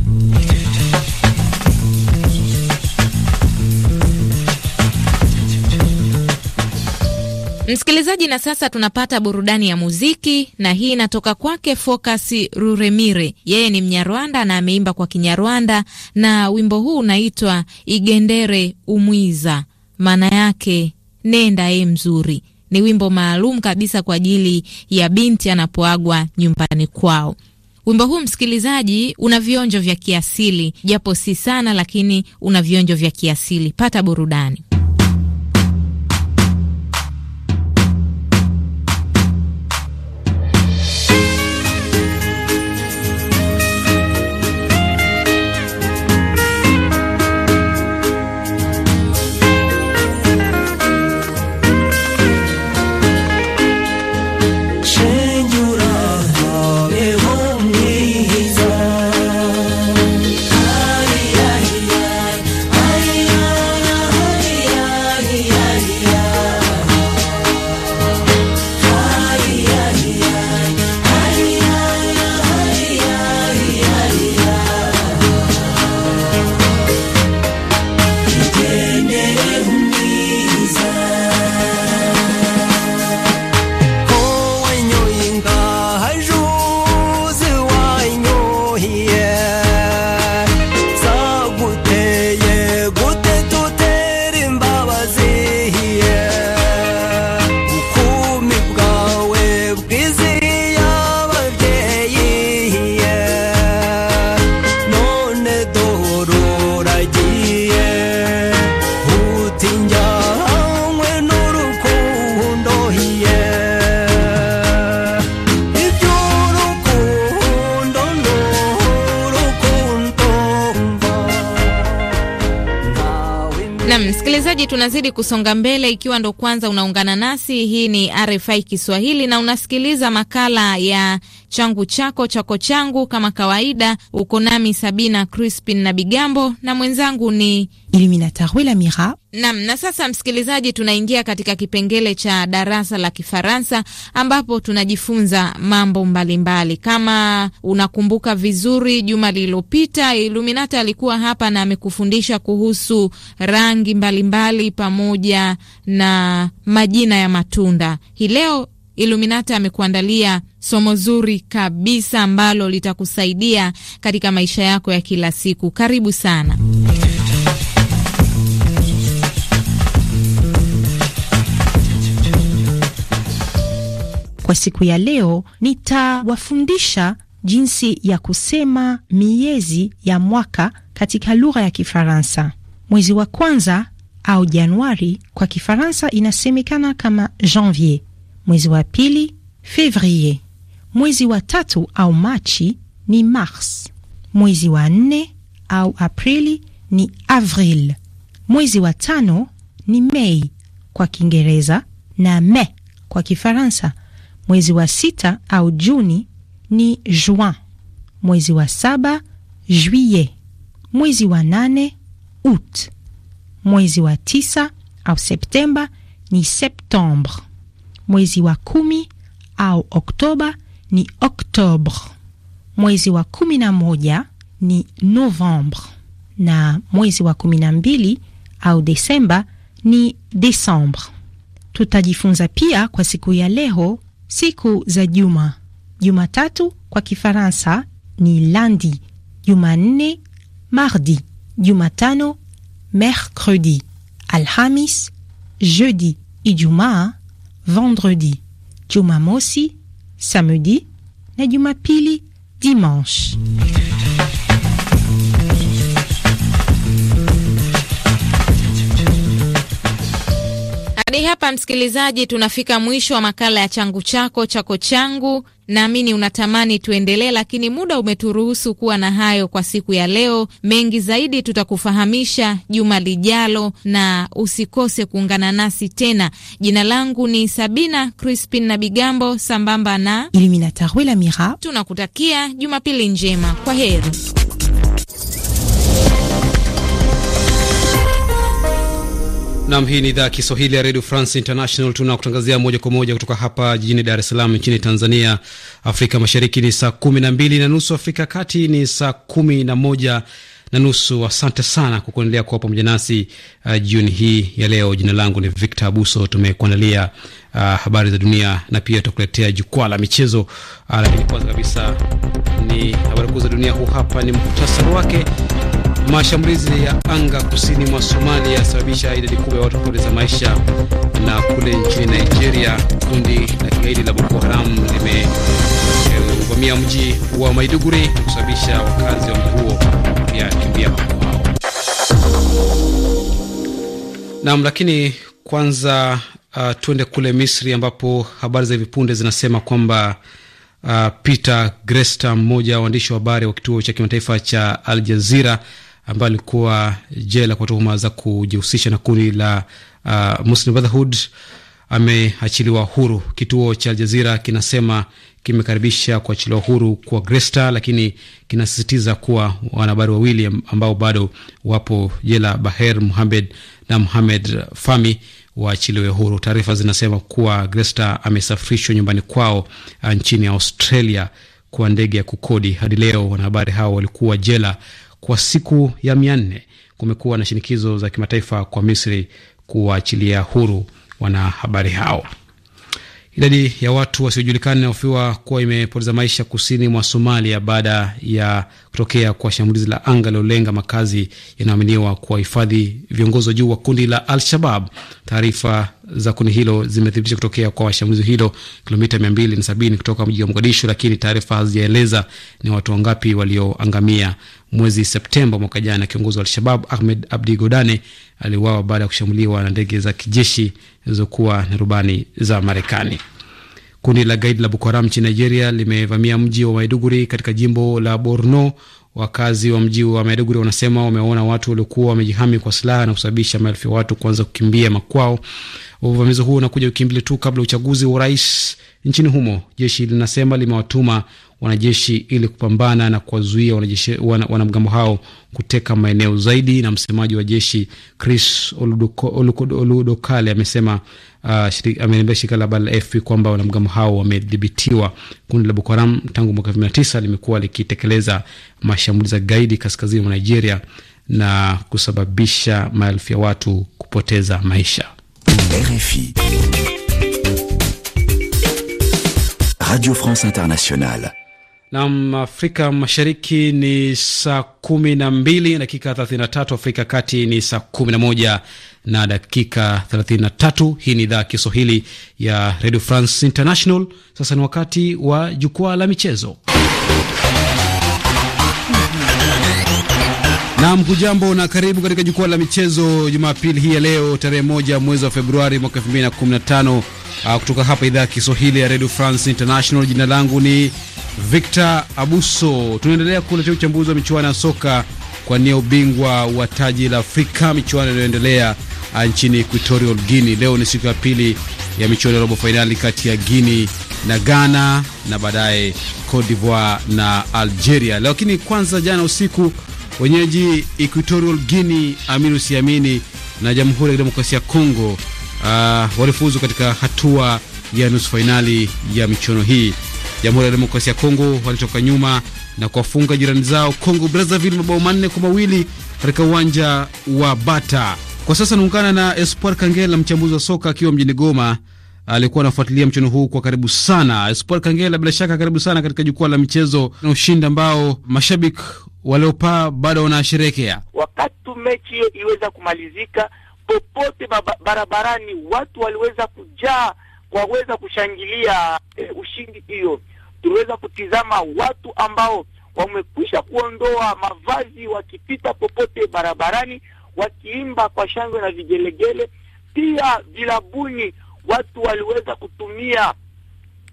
Msikilizaji, na sasa tunapata burudani ya muziki, na hii inatoka kwake Focus Ruremire. Yeye ni Mnyarwanda na ameimba kwa Kinyarwanda, na wimbo huu unaitwa Igendere Umwiza, maana yake nenda ye mzuri. Ni wimbo maalum kabisa kwa ajili ya binti anapoagwa nyumbani kwao. Wimbo huu msikilizaji, una vionjo vya kiasili, japo si sana, lakini una vionjo vya kiasili. Pata burudani. tunazidi kusonga mbele. Ikiwa ndo kwanza unaungana nasi, hii ni RFI Kiswahili na unasikiliza makala ya changu chako chako changu. Kama kawaida, uko nami Sabina Crispin na Bigambo na mwenzangu ni Iluminata Mira. Nam, na sasa msikilizaji, tunaingia katika kipengele cha darasa la Kifaransa ambapo tunajifunza mambo mbalimbali mbali. Kama unakumbuka vizuri, juma lililopita Iluminata alikuwa hapa na amekufundisha kuhusu rangi mbalimbali mbali pamoja na majina ya matunda. Hii leo Iluminata amekuandalia somo zuri kabisa ambalo litakusaidia katika maisha yako ya kila siku. Karibu sana. Kwa siku ya leo nitawafundisha jinsi ya kusema miezi ya mwaka katika lugha ya Kifaransa. Mwezi wa kwanza au Januari kwa Kifaransa inasemekana kama Janvier. Mwezi wa pili Fevrier. Mwezi wa tatu au Machi ni Mars. Mwezi wa nne au Aprili ni Avril. Mwezi wa tano ni Mei kwa Kiingereza na me kwa Kifaransa. Mwezi wa sita au Juni ni Juin. Mwezi wa saba Juillet. Mwezi wa nane Août. Mwezi wa tisa au Septemba ni Septembre. Mwezi wa kumi au Oktoba ni Oktobre. Mwezi wa kumi na moja ni Novembre, na mwezi wa kumi na mbili au Desemba ni Desembre. Tutajifunza pia kwa siku ya leho siku za juma. Jumatatu kwa Kifaransa ni lundi, Jumanne mardi, Jumatano mercredi, Alhamis jeudi, Ijumaa vendredi, Jumamosi samedi na Jumapili dimanche. hapa, msikilizaji, tunafika mwisho wa makala ya changu chako chako changu. Naamini unatamani tuendelee, lakini muda umeturuhusu kuwa na hayo kwa siku ya leo. Mengi zaidi tutakufahamisha juma lijalo, na usikose kuungana nasi tena. Jina langu ni Sabina Crispin na Bigambo, sambamba na Iluminata Rwela Mira. Tunakutakia Jumapili njema, kwa heri. Nam, hii ni idhaa ya Kiswahili ya redio France International. Tunakutangazia moja kwa moja kutoka hapa jijini Dar es Salaam nchini Tanzania. Afrika Mashariki ni saa kumi na mbili na nusu, Afrika Kati ni saa kumi na moja na nusu. Asante sana kwa kuendelea kuwa pamoja nasi uh, jioni hii ya leo. Jina langu ni Victor Abuso. Tumekuandalia uh, habari za dunia na pia tutakuletea jukwaa la michezo uh, lakini kwanza kabisa ni habari kuu za dunia. Huu hapa ni muhtasari wake. Mashambulizi ya anga kusini mwa Somalia yasababisha idadi kubwa ya watu kupoteza maisha. Na kule nchini Nigeria, kundi la kigaidi la Boko Haram limeuvamia mji wa Maiduguri na kusababisha wakazi wa mji huo kimbia makwao. Naam, lakini kwanza uh, tuende kule Misri ambapo habari za hivi punde zinasema kwamba uh, Peter Greste, mmoja wa waandishi wa habari wa kituo cha kimataifa cha Al Jazira ambaye alikuwa jela kwa tuhuma za kujihusisha na kundi la uh, Muslim Brotherhood ameachiliwa huru. Kituo cha Aljazira kinasema kimekaribisha kuachiliwa huru kwa Gresta, lakini kinasisitiza kuwa wanahabari wawili ambao bado wapo jela, Baher Muhamed na Muhamed Fami, waachiliwe huru. Taarifa zinasema kuwa Gresta amesafirishwa nyumbani kwao uh, nchini Australia kwa ndege ya kukodi. Hadi leo wanahabari hao walikuwa jela kwa siku ya mia nne. Kumekuwa na shinikizo za kimataifa kwa Misri kuwaachilia huru wanahabari hao. Idadi ya watu wasiojulikana inahofiwa kuwa imepoteza maisha kusini mwa Somalia baada ya kutokea kwa shambulizi la anga lilolenga makazi yanayoaminiwa kuwahifadhi viongozi wa juu wa kundi la Al-Shabab. Taarifa za kundi hilo zimethibitisha kutokea kwa shambulizi hilo kilomita 270 kutoka mji wa Mogadishu, lakini taarifa hazijaeleza ni watu wangapi walioangamia mwezi Septemba mwaka jana. Kiongozi wa Al-Shabab Ahmed Abdi Godane aliuawa baada ya kushambuliwa na ndege za kijeshi zilizokuwa na rubani za Marekani. Kundi la gaidi la Boko Haram nchini Nigeria limevamia mji wa Maiduguri katika jimbo la Borno Wakazi wa mji wa Maiduguri wanasema wameona watu waliokuwa wamejihami kwa silaha na kusababisha maelfu ya watu kuanza kukimbia makwao. Uvamizi huo unakuja wiki mbili tu kabla ya uchaguzi wa urais nchini humo. Jeshi linasema limewatuma wanajeshi ili kupambana na kuwazuia wanamgambo wana hao kuteka maeneo zaidi. Na msemaji wa jeshi Chris Oludokale amesema uh, ah, ameliambia shirika la habari la AFP kwamba wanamgambo hao wamedhibitiwa. Kundi la Boko Haram tangu mwaka elfu mbili na tisa limekuwa likitekeleza mashambulizi ya gaidi kaskazini mwa Nigeria na kusababisha maelfu ya watu kupoteza maisha. RFI Radio France Internationale Nam Afrika Mashariki ni saa kumi na mbili dakika thelathini na tatu. Afrika Kati ni saa kumi na moja na dakika thelathini na tatu. Hii ni idhaa Kiswahili ya Radio France International. Sasa ni wakati wa jukwaa la michezo. Nam, hujambo na karibu katika jukwaa la michezo Jumapili hii ya leo tarehe moja mwezi wa Februari mwaka tano ah, kutoka hapa idhaa ya Kiswahili ya Radio France International. Jina langu ni Victor Abuso. Tunaendelea kuletea uchambuzi wa michuano ya soka kwa nia ubingwa wa taji la Afrika, michuano inayoendelea ah, nchini Equatorial Guinea. Leo ni siku ya pili ya michuano ya robo fainali kati ya Guinea na Ghana na baadaye Cote d'Ivoire na Algeria. Lakini kwanza, jana usiku wenyeji Equatorial Guinea, amini usiamini, na Jamhuri ya Kidemokrasia ya Kongo uh, walifuzu katika hatua ya nusu fainali ya michuano hii. Jamhuri ya Demokrasia ya Kongo walitoka nyuma na kuwafunga jirani zao Kongo Brazzaville mabao manne kwa mawili katika uwanja wa Bata. Kwa sasa naungana na Espoir Kangela, mchambuzi wa soka akiwa mjini Goma. Alikuwa anafuatilia mchezo huu kwa karibu sana. Espoir Kangela, bila shaka karibu sana katika jukwaa la michezo na ushindi ambao mashabiki waliopaa bado wanasherekea. Wakati mechi hiyo iweza kumalizika, popote barabarani watu waliweza kujaa kwaweza kushangilia eh, ushindi hiyo tuliweza kutizama watu ambao wamekwisha kuondoa mavazi wakipita popote barabarani wakiimba kwa shangwe na vigelegele. Pia vilabuni watu waliweza kutumia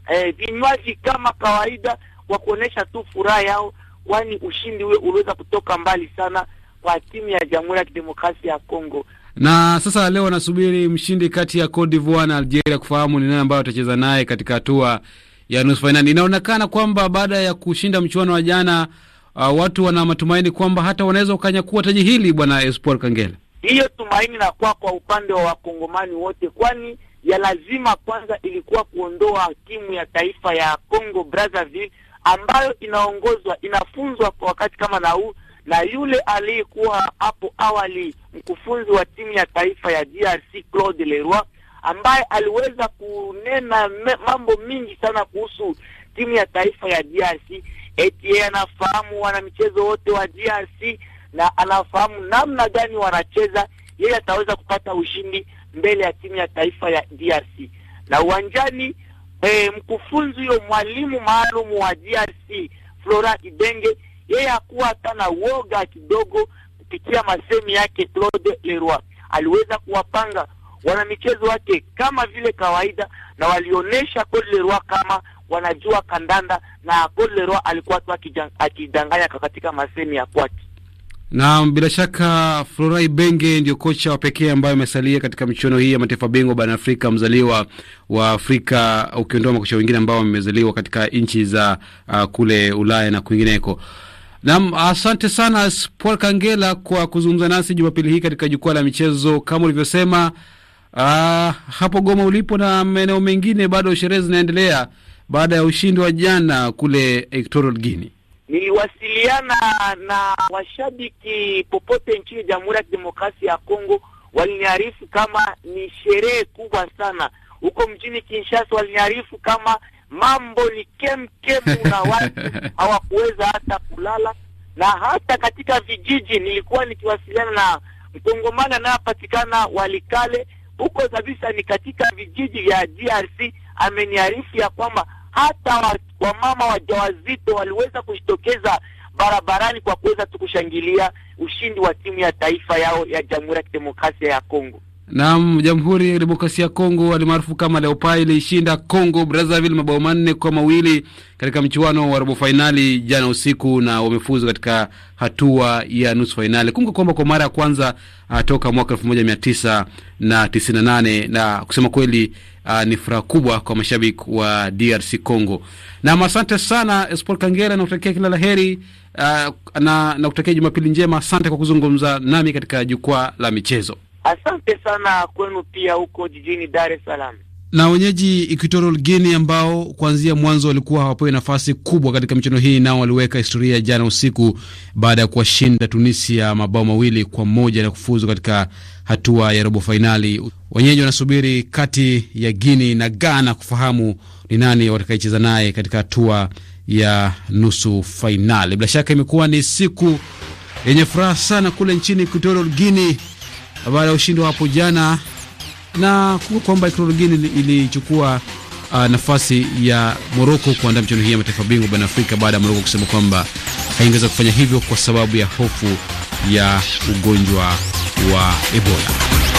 eh, vinywaji kama kawaida kwa kuonesha tu furaha yao, kwani ushindi huo uliweza kutoka mbali sana kwa timu ya Jamhuri ya Kidemokrasia ya Kongo. Na sasa leo wanasubiri mshindi kati ya Cote d'Ivoire na Algeria kufahamu ni nani ambayo watacheza naye katika hatua ya nusu fainali. Inaonekana kwamba baada ya kushinda mchuano wa jana, uh, watu wana matumaini kwamba hata wanaweza ukanyakua taji hili, bwana Espoir Kangela. Hiyo tumaini na kwa kwa upande wa wakongomani wote, kwani ya lazima kwanza ilikuwa kuondoa timu ya taifa ya Congo Brazzaville ambayo inaongozwa inafunzwa kwa wakati kama na huu na yule aliyekuwa hapo awali mkufunzi wa timu ya taifa ya DRC Claude Leroy ambaye aliweza kunena me, mambo mingi sana kuhusu timu ya taifa ya DRC. Eti yeye anafahamu wanamichezo wote wa DRC na anafahamu namna gani wanacheza, yeye ataweza kupata ushindi mbele ya timu ya taifa ya DRC na uwanjani. E, mkufunzi huyo mwalimu maalum wa DRC Flora Kidenge, yeye hakuwa hata na woga kidogo. Kupitia masemi yake, Claude Leroy aliweza kuwapanga wanamichezo wake kama vile kawaida, na walionyesha Code Leroy kama wanajua kandanda, na Code Leroy alikuwa tu akidanganya katika masemi ya kwake. Na bila shaka Florai Benge ndio kocha wa pekee ambaye amesalia katika michuano hii ya mataifa bingwa barani Afrika, mzaliwa wa Afrika, ukiondoa makocha wengine ambao wamezaliwa katika nchi za uh, kule Ulaya na kwingineko. Naam, asante sana Paul Kangela kwa kuzungumza nasi Jumapili hii katika jukwaa la michezo. Kama ulivyosema Ah, hapo Goma ulipo na maeneo mengine bado sherehe zinaendelea baada ya ushindi wa jana kule Equatorial Guinea. Niliwasiliana na washabiki popote nchini Jamhuri ya Kidemokrasia ya Kongo, waliniarifu kama ni sherehe kubwa sana huko mjini Kinshasa, waliniarifu kama mambo ni kemkem na watu hawakuweza hata kulala, na hata katika vijiji nilikuwa nikiwasiliana na mkongomani anayopatikana Walikale huko kabisa ni katika vijiji vya DRC. Ameniarifu ya kwamba hata wamama wa wajawazito waliweza kujitokeza barabarani kwa kuweza tu kushangilia ushindi wa timu ya taifa yao ya Jamhuri ya Kidemokrasia ya Kongo. Naam, Jamhuri ya Kidemokrasia ya Kongo alimaarufu kama leopa ilishinda Congo Brazzaville mabao manne kwa mawili katika mchuano wa robo fainali jana usiku, na wamefuzu katika hatua ya nusu fainali. Kumbuka kwamba kwa mara ya kwanza uh, toka mwaka elfu moja mia tisa na tisini na nane na kusema kweli uh, ni furaha kubwa kwa mashabiki wa DRC Congo. Nam, asante sana Esport Kangera, nakutakia kila la heri uh, na nakutakia Jumapili njema. Asante kwa kuzungumza nami katika jukwaa la michezo. Asante sana kwenu pia huko jijini Dar es Salaam. Na wenyeji Equatorial Guinea ambao kuanzia mwanzo walikuwa hawapewi nafasi kubwa katika michuano hii, nao waliweka historia jana usiku baada ya kuwashinda Tunisia mabao mawili kwa moja na kufuzu katika hatua ya robo fainali. Wenyeji wanasubiri kati ya Guinea na Ghana kufahamu ni nani watakayecheza naye katika hatua ya nusu fainali. Bila shaka imekuwa ni siku yenye furaha sana kule nchini Equatorial Guinea baada ya ushindi wa hapo jana na kwamba Ecuador ilichukua uh, nafasi ya Moroko kuandaa michuano hii ya mataifa bingwa barani Afrika baada ya Moroko kusema kwamba haingeweza kufanya hivyo kwa sababu ya hofu ya ugonjwa wa Ebola.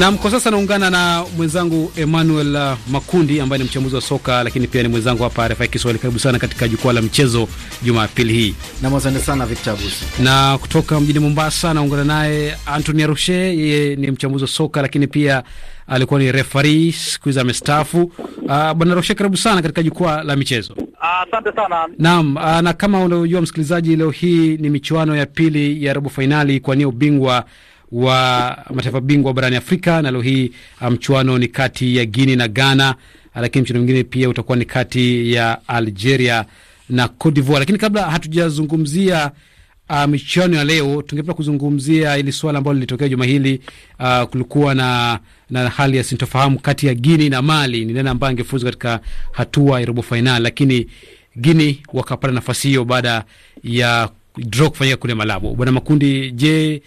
Nam, kwa sasa naungana na mwenzangu Emmanuel uh, Makundi ambaye ni mchambuzi wa soka lakini pia ni mwenzangu hapa RFI Kiswahili. Karibu sana katika jukwaa la mchezo Jumapili hii. Na asante sana Victor Bus. Na kutoka mjini Mombasa naungana naye Anthony Arushe, yeye ni mchambuzi wa soka lakini pia alikuwa ni referee siku hizi amestaafu. Uh, Bwana Arushe, karibu sana katika jukwaa la michezo. Asante sana. Naam, uh, na kama unavyojua msikilizaji, leo hii ni michuano ya pili ya robo fainali kuwania ubingwa wa mataifa bingwa barani Afrika, na leo hii uh, mchuano ni kati ya Guini na Ghana, uh, lakini mchuano mwingine pia utakuwa ni kati ya Algeria na Cote d'Ivoire. Lakini kabla hatujazungumzia uh, michuano ya leo, tungependa kuzungumzia ili swala ambalo lilitokea juma hili. Uh, kulikuwa na, na hali ya sintofahamu kati ya Guini na Mali, ni nani ambaye angefuzu katika hatua ya robo fainali, lakini Guini wakapata nafasi hiyo baada ya draw kufanyika kule Malabo. Bwana Makundi, je,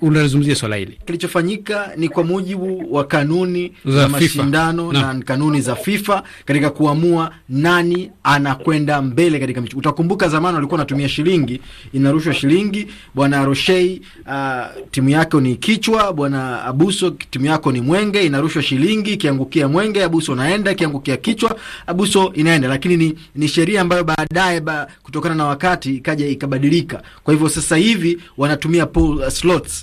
unalizungumzia swala hili. Kilichofanyika ni kwa mujibu wa kanuni za mashindano na, na kanuni za FIFA katika kuamua nani anakwenda mbele katika michu. Utakumbuka zamani walikuwa wanatumia shilingi, inarushwa shilingi, bwana Roshei uh, timu yako ni kichwa, bwana Abuso timu yako ni mwenge, inarushwa shilingi, ikiangukia mwenge Abuso naenda, kiangukia kichwa Abuso inaenda, lakini ni, ni sheria ambayo baadaye ba, kutokana na wakati ikaja ikabadilika. Kwa hivyo sasa hivi wanatumia pool, uh,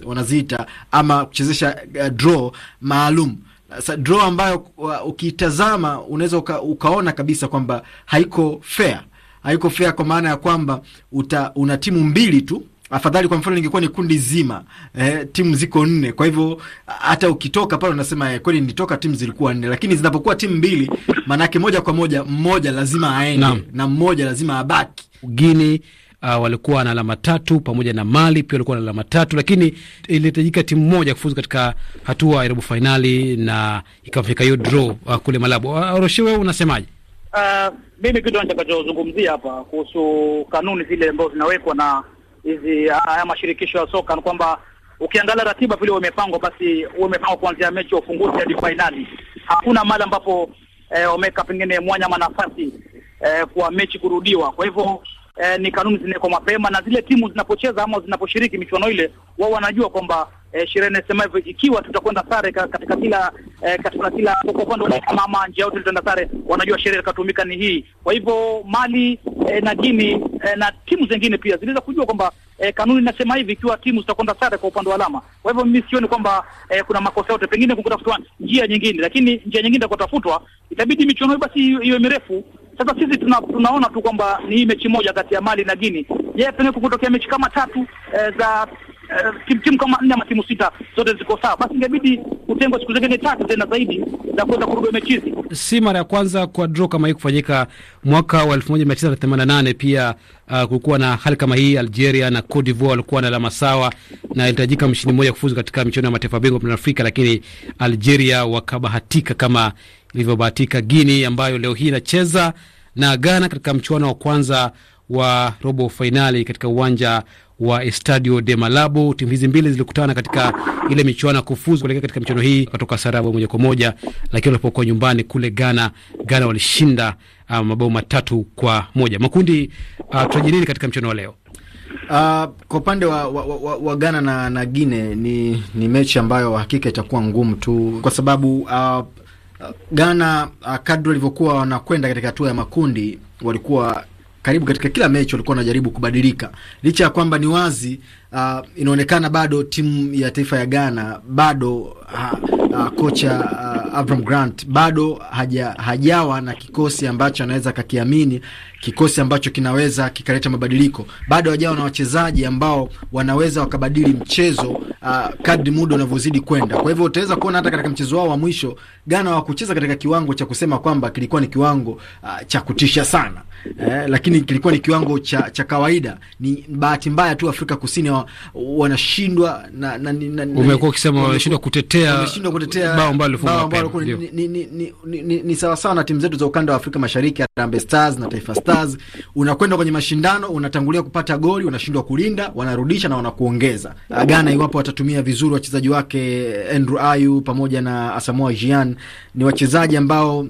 wanaziita ama kuchezesha uh, draw maalum. Sasa draw ambayo uh, ukiitazama unaweza uka, ukaona kabisa kwamba haiko fair, haiko fair kwa maana ya kwamba uta, una timu mbili tu afadhali kwa mfano ingekuwa ni kundi zima eh, timu ziko nne. Kwa hivyo hata ukitoka pale unasema eh, kweli nilitoka, timu zilikuwa nne, lakini zinapokuwa timu mbili, maanake moja kwa moja mmoja lazima aende na, na mmoja lazima abaki. ugini uh, walikuwa na alama tatu pamoja na Mali pia walikuwa na alama tatu, lakini ilihitajika timu moja kufuzu katika hatua ya robo fainali na ikafika hiyo draw uh, kule Malabo. Aroshe, ah, wewe unasemaje? Uh, mimi kitu nitakachozungumzia hapa kuhusu kanuni zile ambazo zinawekwa na hizi haya mashirikisho ya soka ni kwamba ukiangalia ratiba vile umepangwa basi umepangwa kuanzia mechi ya ufunguzi hadi fainali. Hakuna mahali ambapo eh, wameweka eh, pengine mwanya ama nafasi eh, kwa mechi kurudiwa. Kwa hivyo eh, ni kanuni zinawekwa mapema, na zile timu zinapocheza ama zinaposhiriki michuano ile, wao wanajua kwamba eh, sheria inasema hivyo, ikiwa tutakwenda sare katika kila eh, katika kila kwa upande kama njia au tutaenda sare, wanajua sheria ikatumika ni hii. Kwa hivyo Mali eh, na Gini eh, na timu zingine pia zinaweza kujua kwamba eh, kanuni inasema hivi, ikiwa timu zitakwenda sare kwa upande wa alama. Kwa hivyo mimi sioni kwamba eh, kuna makosa yote, pengine kukutafutwa njia nyingine, lakini njia nyingine itakotafutwa itabidi michuano basi iwe mirefu sasa sisi tuna, tunaona tu kwamba ni hii mechi moja kati ya Mali na Gini, Yeye pengine kukutokea mechi kama tatu e, za eh, timu tim kama nne ama timu sita zote ziko sawa, basi ingebidi kutengwa siku zingine tatu tena zaidi za kuweza kurudia mechi hizi. Si mara ya kwanza kwa draw kama hii kufanyika. Mwaka wa 1988 pia uh, kulikuwa na hali kama hii. Algeria na Cote d'Ivoire walikuwa na alama sawa na ilitajika mshindi mmoja kufuzu katika michuano ya mataifa bingwa barani Afrika, lakini Algeria wakabahatika kama ilivyobahatika Guini ambayo leo hii inacheza na Ghana katika mchuano wa kwanza wa robo fainali katika uwanja wa Estadio de Malabo. Timu hizi mbili zilikutana katika ile michuano ya kufuzu kuelekea katika michuano hii, kutoka sarabu moja kwa moja, lakini walipokuwa nyumbani kule Ghana, Ghana walishinda uh, mabao matatu kwa moja. Makundi uh, tuaje nini katika mchuano wa leo? Uh, kwa upande wa, wa, wa, wa Ghana na, na Guine ni, ni mechi ambayo hakika itakuwa ngumu tu kwa sababu uh, Ghana uh, kadri walivyokuwa wanakwenda katika hatua ya makundi walikuwa karibu katika kila mechi walikuwa wanajaribu kubadilika, licha ya kwamba ni wazi uh, inaonekana bado timu ya taifa ya Ghana bado uh, uh, kocha uh, Avram Grant bado haja, hajawa na kikosi ambacho anaweza akakiamini, kikosi ambacho kinaweza kikaleta mabadiliko. Bado hajawa na wachezaji ambao wanaweza wakabadili mchezo uh, kadri muda unavyozidi kwenda. Kwa hivyo utaweza kuona hata katika mchezo wao wa mwisho Ghana hawakucheza katika kiwango cha kusema kwamba kilikuwa ni kiwango uh, cha kutisha sana eh, lakini kilikuwa ni kiwango cha, cha kawaida. Ni bahati mbaya tu Afrika Kusini wa, wanashindwa na, na, na, na, umekuwa ukisema wanashindwa kutetea bao ambalo ni ni, sawa sawa na timu zetu za ukanda wa Afrika Mashariki, Harambee Stars na Taifa Stars. Unakwenda kwenye mashindano, unatangulia kupata goli, unashindwa kulinda, wanarudisha na wanakuongeza. Ghana, iwapo watatumia vizuri wachezaji wake Andrew Ayu pamoja na Asamoah Gyan, ni wachezaji ambao uh,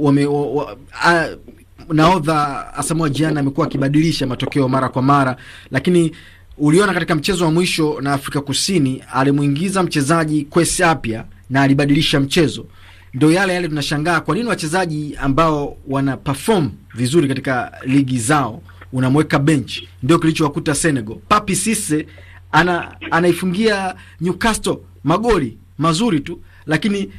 wame, wa, wa, uh, naodha Asamoah Gyan amekuwa akibadilisha matokeo mara kwa mara lakini uliona katika mchezo wa mwisho na Afrika Kusini alimwingiza mchezaji Kwesi Apia na alibadilisha mchezo. Ndo yale yale tunashangaa kwa nini wachezaji ambao wana perform vizuri katika ligi zao unamweka bench. Ndio kilichowakuta Senegal. Papi Sise ana anaifungia Newcastle magoli mazuri tu, lakini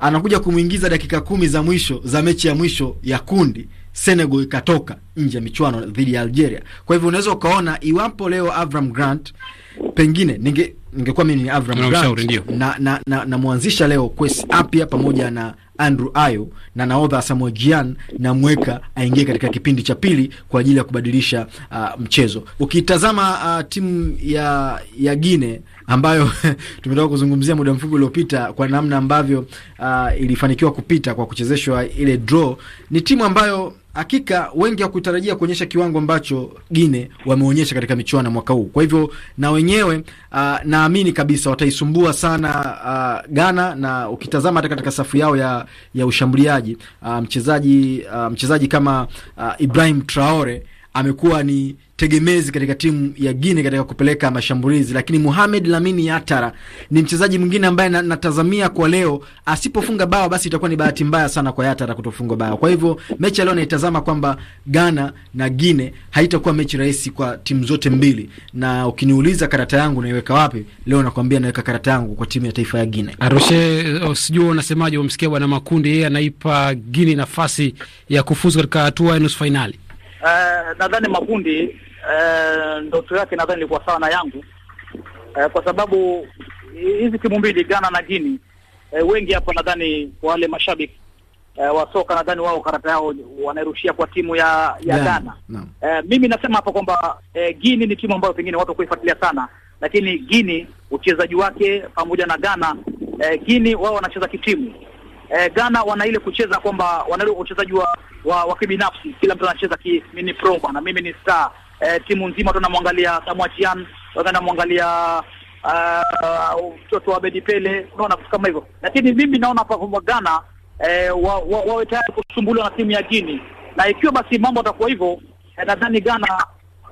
anakuja kumwingiza dakika kumi za mwisho za mechi ya mwisho ya kundi Senegal ikatoka nje ya michuano dhidi ya Algeria. Kwa hivyo unaweza ukaona iwapo leo Avram Grant pengine ninge ningekuwa mimi ni Avram no, Grant na na, na, na mwanzisha leo Kwesi Apia pamoja na Andrew Ayo na naodha Samuel Gyan na mweka aingie katika kipindi cha pili kwa ajili ya kubadilisha uh, mchezo. Ukitazama uh, timu ya ya Gine ambayo tumetoka kuzungumzia muda mfupi uliopita kwa namna ambavyo uh, ilifanikiwa kupita kwa kuchezeshwa ile draw, ni timu ambayo hakika wengi hawakutarajia kuonyesha kiwango ambacho Gine wameonyesha katika michuano mwaka huu. Kwa hivyo na wenyewe uh, naamini kabisa wataisumbua sana uh, Ghana, na ukitazama hata katika safu yao ya, ya ushambuliaji uh, mchezaji uh, mchezaji kama uh, Ibrahim Traore amekuwa ni tegemezi katika timu ya Guinea katika kupeleka mashambulizi, lakini Mohamed Lamini Yatara ni mchezaji mwingine ambaye natazamia kwa leo asipofunga bao basi itakuwa ni bahati mbaya sana kwa Yatara kutofunga bao. Kwa hivyo mechi leo naitazama kwamba Ghana na Guinea haitakuwa mechi rahisi kwa timu zote mbili, na ukiniuliza karata yangu naiweka wapi leo, nakwambia naweka karata yangu kwa timu ya taifa ya Guinea. Arushe, oh, sijui unasemaje, umsikia bwana Makundi, yeye anaipa Guinea nafasi ya kufuzu katika hatua ya nusu fainali. Eh, nadhani makundi uh, ndoto yake nadhani ilikuwa sawa na yangu uh, kwa sababu hizi timu mbili Ghana na Gini uh, wengi hapa nadhani wale mashabiki uh, wa soka nadhani wao karata yao wanairushia kwa timu ya ya Ghana yeah. no. uh, mimi nasema hapa kwamba uh, Gini ni timu ambayo pengine watu kuifuatilia sana lakini Gini uchezaji wake pamoja na Ghana uh, Gini wao wanacheza kitimu uh, Ghana wana ile kucheza kwamba wana uchezaji wa wa, wa kibinafsi. Kila mtu anacheza ki, mini pro bwana, mimi ni star. E, timu nzima tu namwangalia Samuatian, Samuachian, namwangalia eh, mtoto uh, wa Bedi Pele, unaona kitu kama hivyo. Lakini mimi naona hapa kwamba Ghana e, eh, wawe wa, wa tayari kusumbuliwa na timu ya Gini, na ikiwa basi mambo atakuwa hivyo e, nadhani Ghana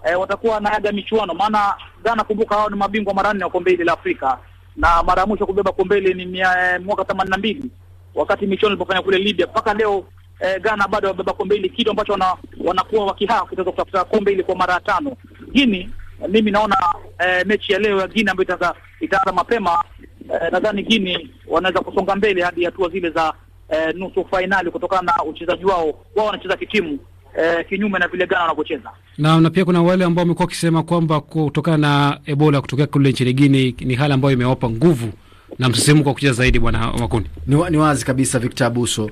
e, watakuwa na wanaaga michuano, maana Ghana, kumbuka, hao ni mabingwa mara nne wa kombe hili la Afrika na mara ya mwisho kubeba kombe hili ni mwaka themanini na mbili wakati michuano ilipofanya kule Libya. Mpaka leo eh, Ghana bado wabeba kombe hili, kitu ambacho wana, wanakuwa wakihaa kutaka kutafuta kombe hili kwa mara ya tano. Gini eh, mimi naona eh, mechi ya leo ya Gini ambayo itaanza itaanza mapema eh, nadhani Gini wanaweza kusonga mbele hadi hatua zile za eh, nusu fainali kutokana na uchezaji wao. Wao wanacheza kitimu eh, kinyume na vile Ghana wanapocheza. na na pia kuna wale ambao wamekuwa wakisema kwamba kutokana na Ebola kutokea kule nchini Gini ni hali ambayo imewapa nguvu na msisimko wa kucheza zaidi. Bwana Wakuni, ni, wa, ni wazi kabisa Victor Abuso, uh,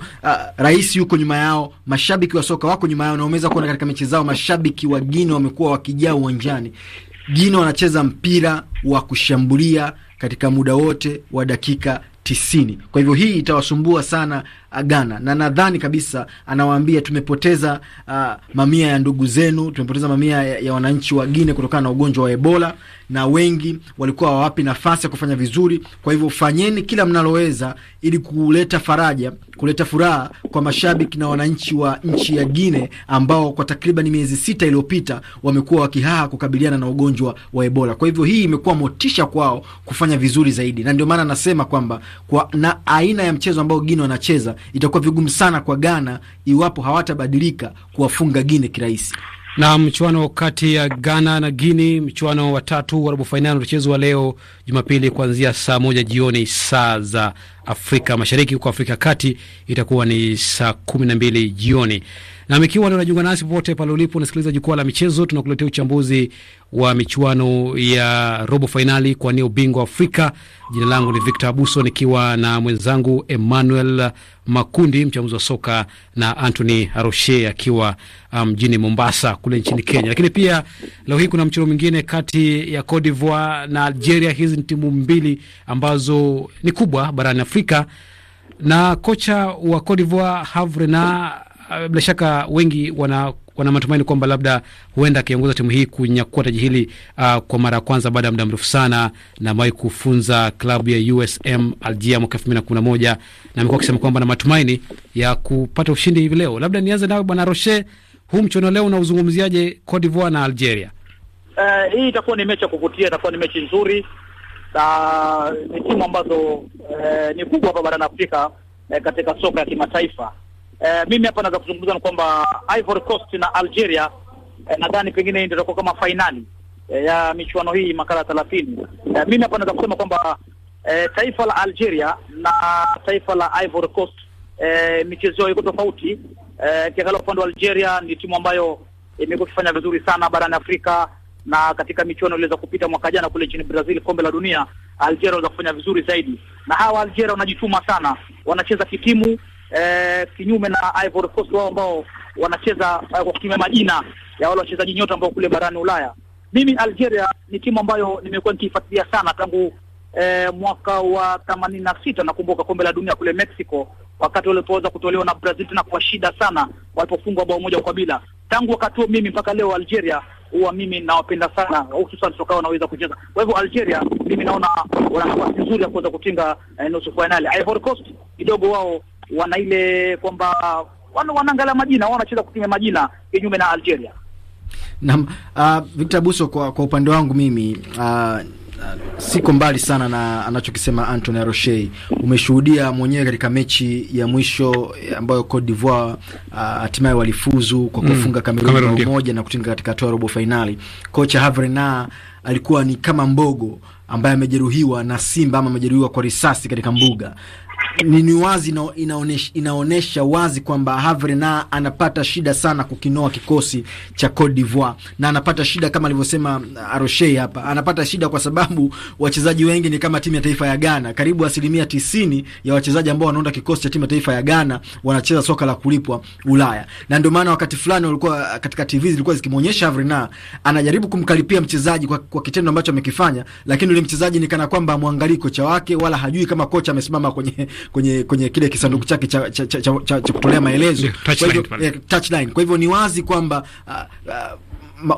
rais yuko nyuma yao, mashabiki wa soka wako nyuma yao, na umeweza kuona katika mechi zao mashabiki wa Gine wamekuwa wakijaa uwanjani. Gine wanacheza mpira wa kushambulia katika muda wote wa dakika tisini. Kwa hivyo hii itawasumbua sana agana, na nadhani kabisa anawaambia tumepoteza uh, mamia ya ndugu zenu, tumepoteza mamia ya, ya wananchi wagine kutokana na ugonjwa wa Ebola, na wengi walikuwa hawapi nafasi ya kufanya vizuri. Kwa hivyo fanyeni kila mnaloweza ili kuleta faraja, kuleta furaha kwa mashabiki na wananchi wa nchi ya Gine ambao kwa takriban miezi sita iliyopita wamekuwa wakihaha kukabiliana na ugonjwa wa Ebola. Kwa hivyo hii imekuwa motisha kwao kufanya vizuri zaidi, na ndio maana nasema kwamba kwa na aina ya mchezo ambao Gine wanacheza itakuwa vigumu sana kwa Ghana iwapo hawatabadilika kuwafunga Gine kirahisi. Na mchuano kati ya Ghana na Guini, mchuano wa tatu wa robo fainali utachezwa leo Jumapili kuanzia saa moja jioni saa za Afrika Mashariki. Huko Afrika Kati itakuwa ni saa kumi na mbili jioni na mikiwa leo unajiunga nasi popote pale ulipo unasikiliza jukwaa la michezo, tunakuletea uchambuzi wa michuano ya robo fainali kwa nia ubingwa wa Afrika. Jina langu ni Victor Abuso nikiwa na mwenzangu Emmanuel Makundi, mchambuzi wa soka na Anthony Aroshe akiwa um, mjini um, Mombasa kule nchini Kenya. Lakini pia leo hii kuna mchezo mwingine kati ya Cote d'Ivoire na Algeria. Hizi ni timu mbili ambazo ni kubwa barani Afrika na kocha wa Cote d'Ivoire Havre na Ah, bila shaka wengi wana wana matumaini kwamba labda huenda akiongoza timu hii kunyakua taji hili uh, kwa mara ya kwanza baada ya muda mrefu sana, na amewahi kufunza klabu ya USM Algeria mwaka elfu mbili na kumi na moja na amekuwa akisema kwamba na matumaini ya kupata ushindi hivi leo. Labda nianze nawe Bwana Roche, huu mchuano leo unauzungumziaje Cote d'Ivoire na Algeria? Uh, hii itakuwa ni mechi ya kuvutia, itakuwa ni mechi nzuri na ni timu ambazo uh, ni kubwa hapa barani Afrika uh, katika soka ya kimataifa Eh, mimi hapa naweza kuzungumza ni kwamba Ivory Coast na Algeria eh, nadhani pengine hii ndio itakuwa kama fainali eh, ya michuano hii makala thelathini. Eh, mimi hapa naweza kusema kwamba eh, taifa la Algeria na taifa la Ivory Coast eh, michezo yao iko tofauti. Eh, kiangalia upande wa Algeria ni timu ambayo imekuwa ikifanya vizuri sana barani Afrika na katika michuano iliweza kupita mwaka jana kule nchini Brazil, kombe la dunia, Algeria waweza kufanya vizuri zaidi, na hawa Algeria wanajituma sana, wanacheza kitimu eh, kinyume na Ivory Coast wao ambao wanacheza eh, kwa kutumia majina ya wale wachezaji nyota ambao kule barani Ulaya. Mimi Algeria ni timu ambayo nimekuwa nikiifuatilia sana tangu eh, mwaka wa themanini na sita. Nakumbuka kombe la dunia kule Mexico wakati walipoweza kutolewa na Brazil tena kwa shida sana, walipofungwa bao moja kwa bila. Tangu wakati huo mimi mpaka leo Algeria huwa mimi nawapenda sana, hususan soka wanaweza kucheza. Kwa hivyo Algeria mimi naona wana nafasi nzuri ya kuweza kutinga eh, nusu finali. Ivory Coast kidogo wao wana ile kwamba wanaangalia majina, wanacheza kutumia majina kinyume na Algeria. Naam, uh, Victor Buso, kwa, kwa upande wangu mimi uh, siko mbali sana na anachokisema Anthony Aroshey. Umeshuhudia mwenyewe katika mechi ya mwisho ambayo Cote d'Ivoire hatimaye uh, walifuzu kwa mm. kufunga mm, Kamerun bao moja na kutinga katika hatua robo fainali. Kocha Herve Renard alikuwa ni kama mbogo ambaye amejeruhiwa na simba ama amejeruhiwa kwa risasi katika mbuga ni wazi ina, inaonesha, inaonesha wazi kwamba Havre na anapata shida sana kukinoa kikosi cha Cote d'Ivoire, na anapata shida kama alivyosema Aroshe hapa, anapata shida kwa sababu wachezaji wengi ni kama timu ya taifa ya Ghana. Karibu asilimia tisini ya wachezaji ambao wanaunda kikosi cha timu ya taifa ya Ghana wanacheza soka la kulipwa Ulaya, na ndio maana wakati fulani walikuwa katika TV zilikuwa zikimwonyesha Havre na anajaribu kumkaripia mchezaji kwa, kwa kitendo ambacho amekifanya, lakini yule mchezaji ni kana kwamba amwangalii kocha wake wala hajui kama kocha amesimama kwenye kwenye kwenye kile kisanduku chake cha, cha, cha, cha, cha, cha kutolea maelezo eh, touchline, kwa hivyo, ni wazi kwamba uh, uh,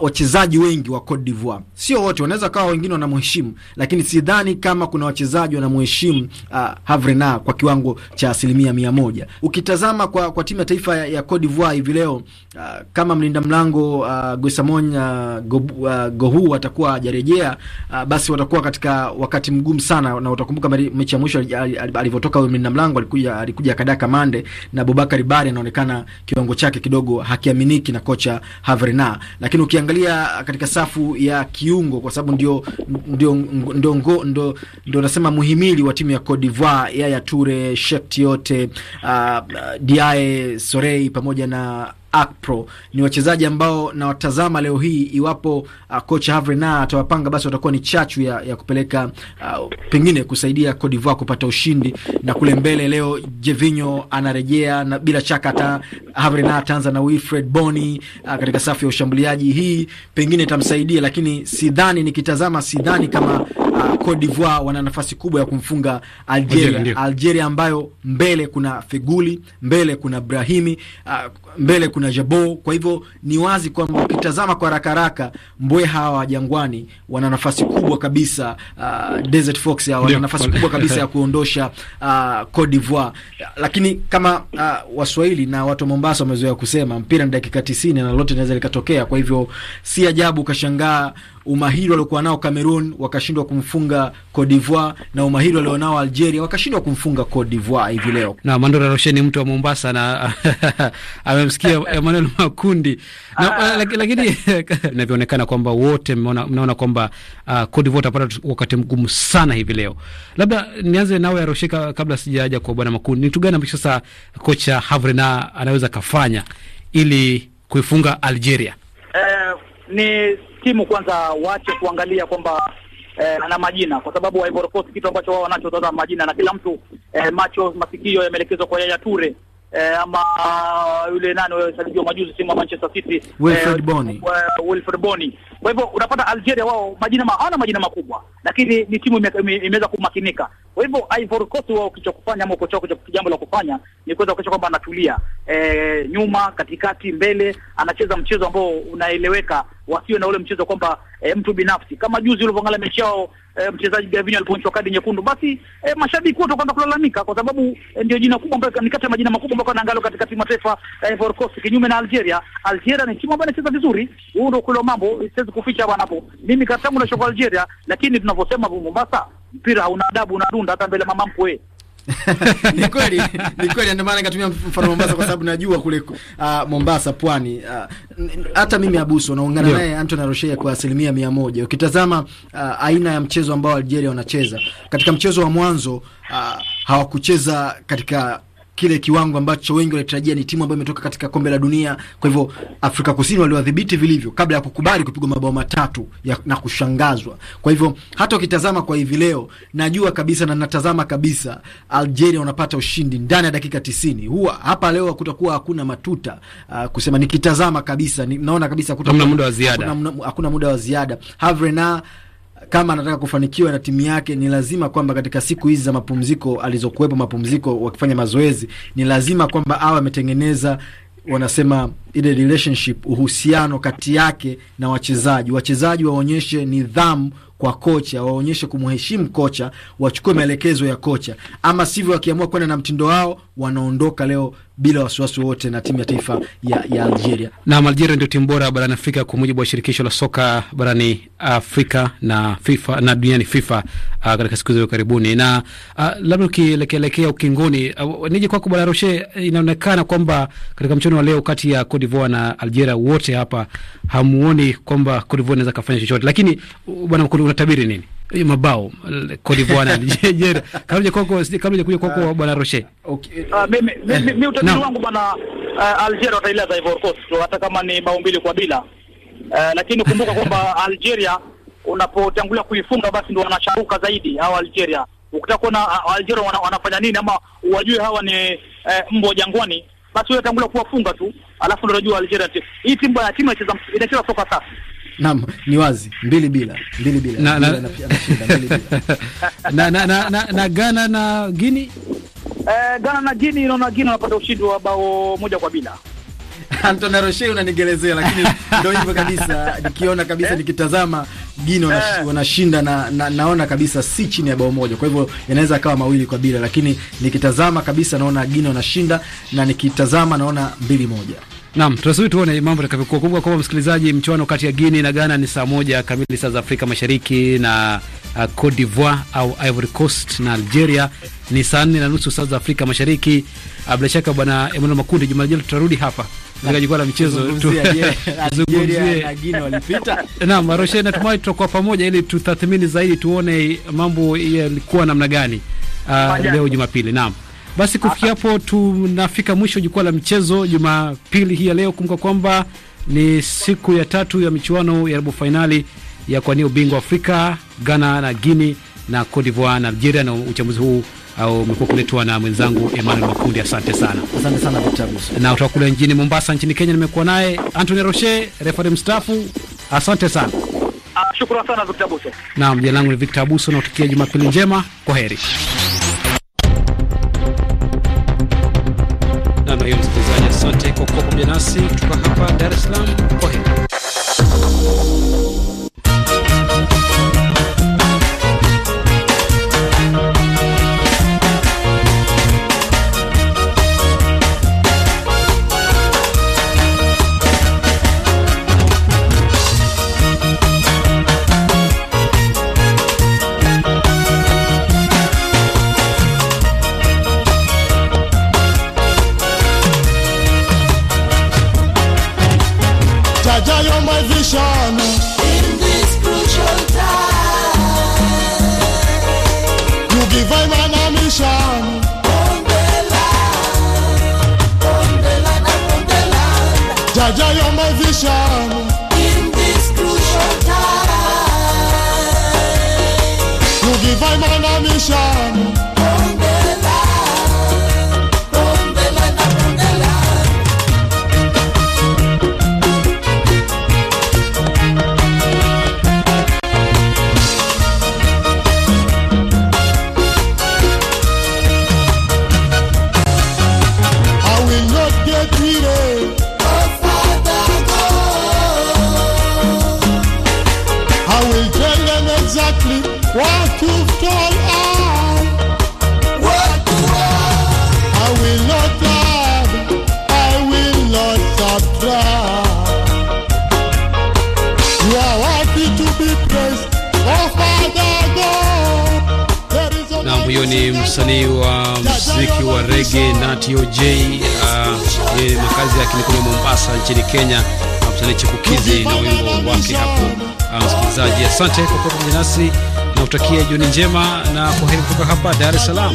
wachezaji wengi wa Cote d'Ivoire, sio wote, wanaweza kawa wengine wanamheshimu, lakini sidhani kama kuna wachezaji wanamheshimu uh, Havrena kwa kiwango cha asilimia mia moja. Ukitazama kwa, kwa timu ya taifa ya, ya Cote d'Ivoire hivi leo uh, kama mlinda mlango uh, Gosamon uh, go, uh, Gohu atakuwa hajarejea uh, basi watakuwa katika wakati mgumu sana, na utakumbuka mechi ya mwisho alivyotoka huyo mlinda mlango alikuja, alikuja Kadaka Mande na Bobakari Bari, anaonekana kiwango chake kidogo hakiaminiki na kocha Havrena, lakini ukiangalia katika safu ya kiungo, kwa sababu ndio ndio ndio ndio ndio nasema muhimili wa timu ya Cote d'Ivoire, Yaya Toure, Cheikh Tiote, uh, Diaye Sorey pamoja na Akpro. Ni wachezaji ambao nawatazama leo hii, iwapo uh, kocha Havre na atawapanga, basi watakuwa ni chachu ya, ya kupeleka uh, pengine kusaidia Cote d'Ivoire kupata ushindi na kule mbele. Leo Jevinho anarejea na bila shaka hata Havre na ataanza na Wilfred Bony uh, katika safu ya ushambuliaji. Hii pengine itamsaidia, lakini sidhani, nikitazama sidhani kama Ah, Cote d'Ivoire wana nafasi kubwa ya kumfunga Algeria. Algeria, Algeria ambayo mbele kuna Feguli, mbele kuna Brahimi, uh, mbele kuna Jabo. Kwa hivyo ni wazi kwamba ukitazama kwa haraka haraka mbwe hawa wa Jangwani wana nafasi kubwa kabisa uh, Desert Fox ya wana nafasi kubwa kabisa ya kuondosha uh, Cote d'Ivoire, lakini kama uh, Waswahili na watu wa Mombasa wamezoea kusema mpira ni dakika 90 na lolote linaweza likatokea. Kwa hivyo si ajabu ukashangaa umahiri waliokuwa nao Cameroon wakashindwa kumfunga Cote d'Ivoire, na umahiri walionao Algeria wakashindwa kumfunga Cote d'Ivoire hivi leo. Na Mandora Roshe ni mtu wa Mombasa na amemsikia Emmanuel Makundi na, uh, lakini inavyoonekana kwamba wote mnaona kwamba uh, Cote d'Ivoire watapata wakati mgumu sana hivi leo. Labda nianze nawe Aroshe, kabla sijaja kwa bwana Makundi, ni kitu gani ambacho sasa kocha Havrena anaweza kafanya ili kuifunga Algeria? Uh, ni timu kwanza waache kuangalia kwamba eh, ana majina, kwa sababu Ivory Coast kitu ambacho wao wanacho, majina na kila mtu eh, macho masikio yameelekezwa kwa Yaya Toure eh, ama uh, yule nani msajili majuzi timu ya Manchester City Wilfred eh, Boni uh, Wilfred Boni. Kwa hivyo unapata Algeria wao majina hawana majina makubwa, lakini ni timu imeweza kumakinika. Kwa hivyo Ivory Coast wao kilichokufanya ama ukocha wao jambo la kufanya ni kuweza kuhakikisha kwamba anatulia eh, nyuma, katikati, mbele, anacheza mchezo ambao unaeleweka, wasio na ule mchezo kwamba eh, mtu binafsi kama juzi ulivyoangalia mechi yao eh, mchezaji Gavinho alipoonyeshwa kadi nyekundu, basi eh, mashabiki wote wakaanza kulalamika, kwa sababu eh, ndio jina kubwa ambayo ni kati ya majina makubwa ambayo anaangalia katika timu taifa ya eh, Ivory Coast, kinyume na Algeria. Algeria ni timu ambayo inacheza vizuri, huo ndio kule mambo, siwezi kuficha bwana hapo. Mimi katamu na shoko Algeria, lakini tunavyosema Mombasa, mpira hauna adabu, dunda hata mbele mama mkwe. ni kweli, ni kweli, ndio maana nikatumia mfano Mombasa kwa sababu najua kule uh, ah, Mombasa pwani ah, hata uh, mimi Abuso naungana naye Anton Aroshea kwa asilimia mia moja. Ukitazama uh, aina ya mchezo ambao Algeria wanacheza katika mchezo wa mwanzo uh, hawakucheza katika kile kiwango ambacho wengi walitarajia. Ni timu ambayo imetoka katika kombe la dunia, kwa hivyo Afrika Kusini waliwadhibiti vilivyo kabla ya kukubali kupigwa mabao matatu ya, na kushangazwa. Kwa hivyo hata ukitazama kwa hivi leo, najua kabisa na natazama kabisa Algeria wanapata ushindi ndani ya dakika tisini. Huwa hapa leo kutakuwa hakuna matuta uh, kusema nikitazama kabisa ni, naona kabisa hakuna muda wa ziada, hakuna muda wa ziada Havrena kama anataka kufanikiwa na timu yake ni lazima kwamba katika siku hizi za mapumziko alizokuwepo, mapumziko wakifanya mazoezi, ni lazima kwamba awe ametengeneza wanasema ile relationship, uhusiano kati yake na wachezaji. Wachezaji waonyeshe nidhamu kwa kocha, waonyeshe kumheshimu kocha, wachukue maelekezo ya kocha, ama sivyo, wakiamua kwenda na mtindo wao wanaondoka leo bila wasiwasi wowote na timu ya taifa ya, ya Algeria. Nam, Algeria ndio timu bora barani Afrika kwa mujibu wa shirikisho la soka barani Afrika na FIFA na duniani FIFA uh, katika siku za karibuni. Na uh, labda ukielekeelekea ukingoni, uh, nije kwako Bwana Roshe, inaonekana kwamba katika mchono wa leo kati ya Cote D'Ivoire na Algeria wote hapa, hamuoni kwamba Cote d'Ivoire inaweza kafanya chochote? Lakini bwana, unatabiri nini mabao Cote d'Ivoire na Algeria kabla kwako, kabla ya kuja kwako ah. bwana Roche? Okay, mimi ah, utabiri wangu bwana, eh, Algeria watailaza Ivory Coast hata kama ni bao mbili kwa bila, eh, lakini kumbuka kwamba Algeria unapotangulia kuifunga basi ndio wanasharuka zaidi hao Algeria. Ukitaka kuona ah, Algeria wana, wanafanya nini ama wajue hawa ni eh, mbwa jangwani, basi wewe tangulia kuwafunga tu alafu ndio unajua Algeria hii timu ya timu inacheza inacheza soka safi. Naam, ni wazi mbili bila mbili bila na na na na na na Ghana na Guinea eh, Ghana na Guinea, inaona Guinea wanapata ushindi wa bao moja kwa bila Antona Roche unanigelezea, lakini ndio hivyo kabisa. Nikiona kabisa nikitazama Gino wanashinda ah. na, na naona kabisa si chini ya bao moja, kwa hivyo inaweza akawa mawili kwa bila, lakini nikitazama kabisa naona Gino wanashinda na nikitazama naona mbili moja. Naam, tunasubiri tuone mambo yatakavyokuwa. Kumbuka kwamba msikilizaji, mchuano kati ya Gini na Ghana ni saa moja kamili saa za Afrika Mashariki, na uh, Cote d'Ivoire au Ivory Coast na Algeria ni saa nne na nusu saa za Afrika Mashariki. Uh, bila shaka Bwana Emmanuel Makundi, juma lijalo tutarudi hapa katika jukwaa la michezo na Roshe, natumai tutakuwa pamoja ili tutathmini zaidi tuone mambo yalikuwa namna gani ah, leo Jumapili. Naam, basi kufikia hapo tunafika mwisho jukwaa la michezo Jumapili hii ya leo. Kumbuka kwamba ni siku ya tatu ya michuano ya robo fainali ya kuwania ubingwa Afrika, Ghana na Guinea na Cote d'Ivoire na Algeria, na uchambuzi huu au umekuwa kuletwa na mwenzangu Emmanuel Makundi. Asante sana, asante sana Victabus. Na kutoka kule mjini Mombasa nchini Kenya nimekuwa naye Anthony Roche, refari mstaafu. Asante sana. Ah, shukrani sana Victor Buso. Naam, jina langu ni Victor Buso na utikia Jumapili njema. Kwa heri. Na na hiyo msikilizaji, asante kwa kuwa pamoja nasi kutoka hapa Dar es Salaam. Kwa heri. man a mission TOJ uh, yeye makazi yake ni kule Mombasa nchini Kenya, msanii chipukizi na wimbo wake hapo. Uh, msikilizaji, asante kwa kuwa pamoja nasi na utakia jioni njema na kwaheri kutoka hapa Dar es Salaam.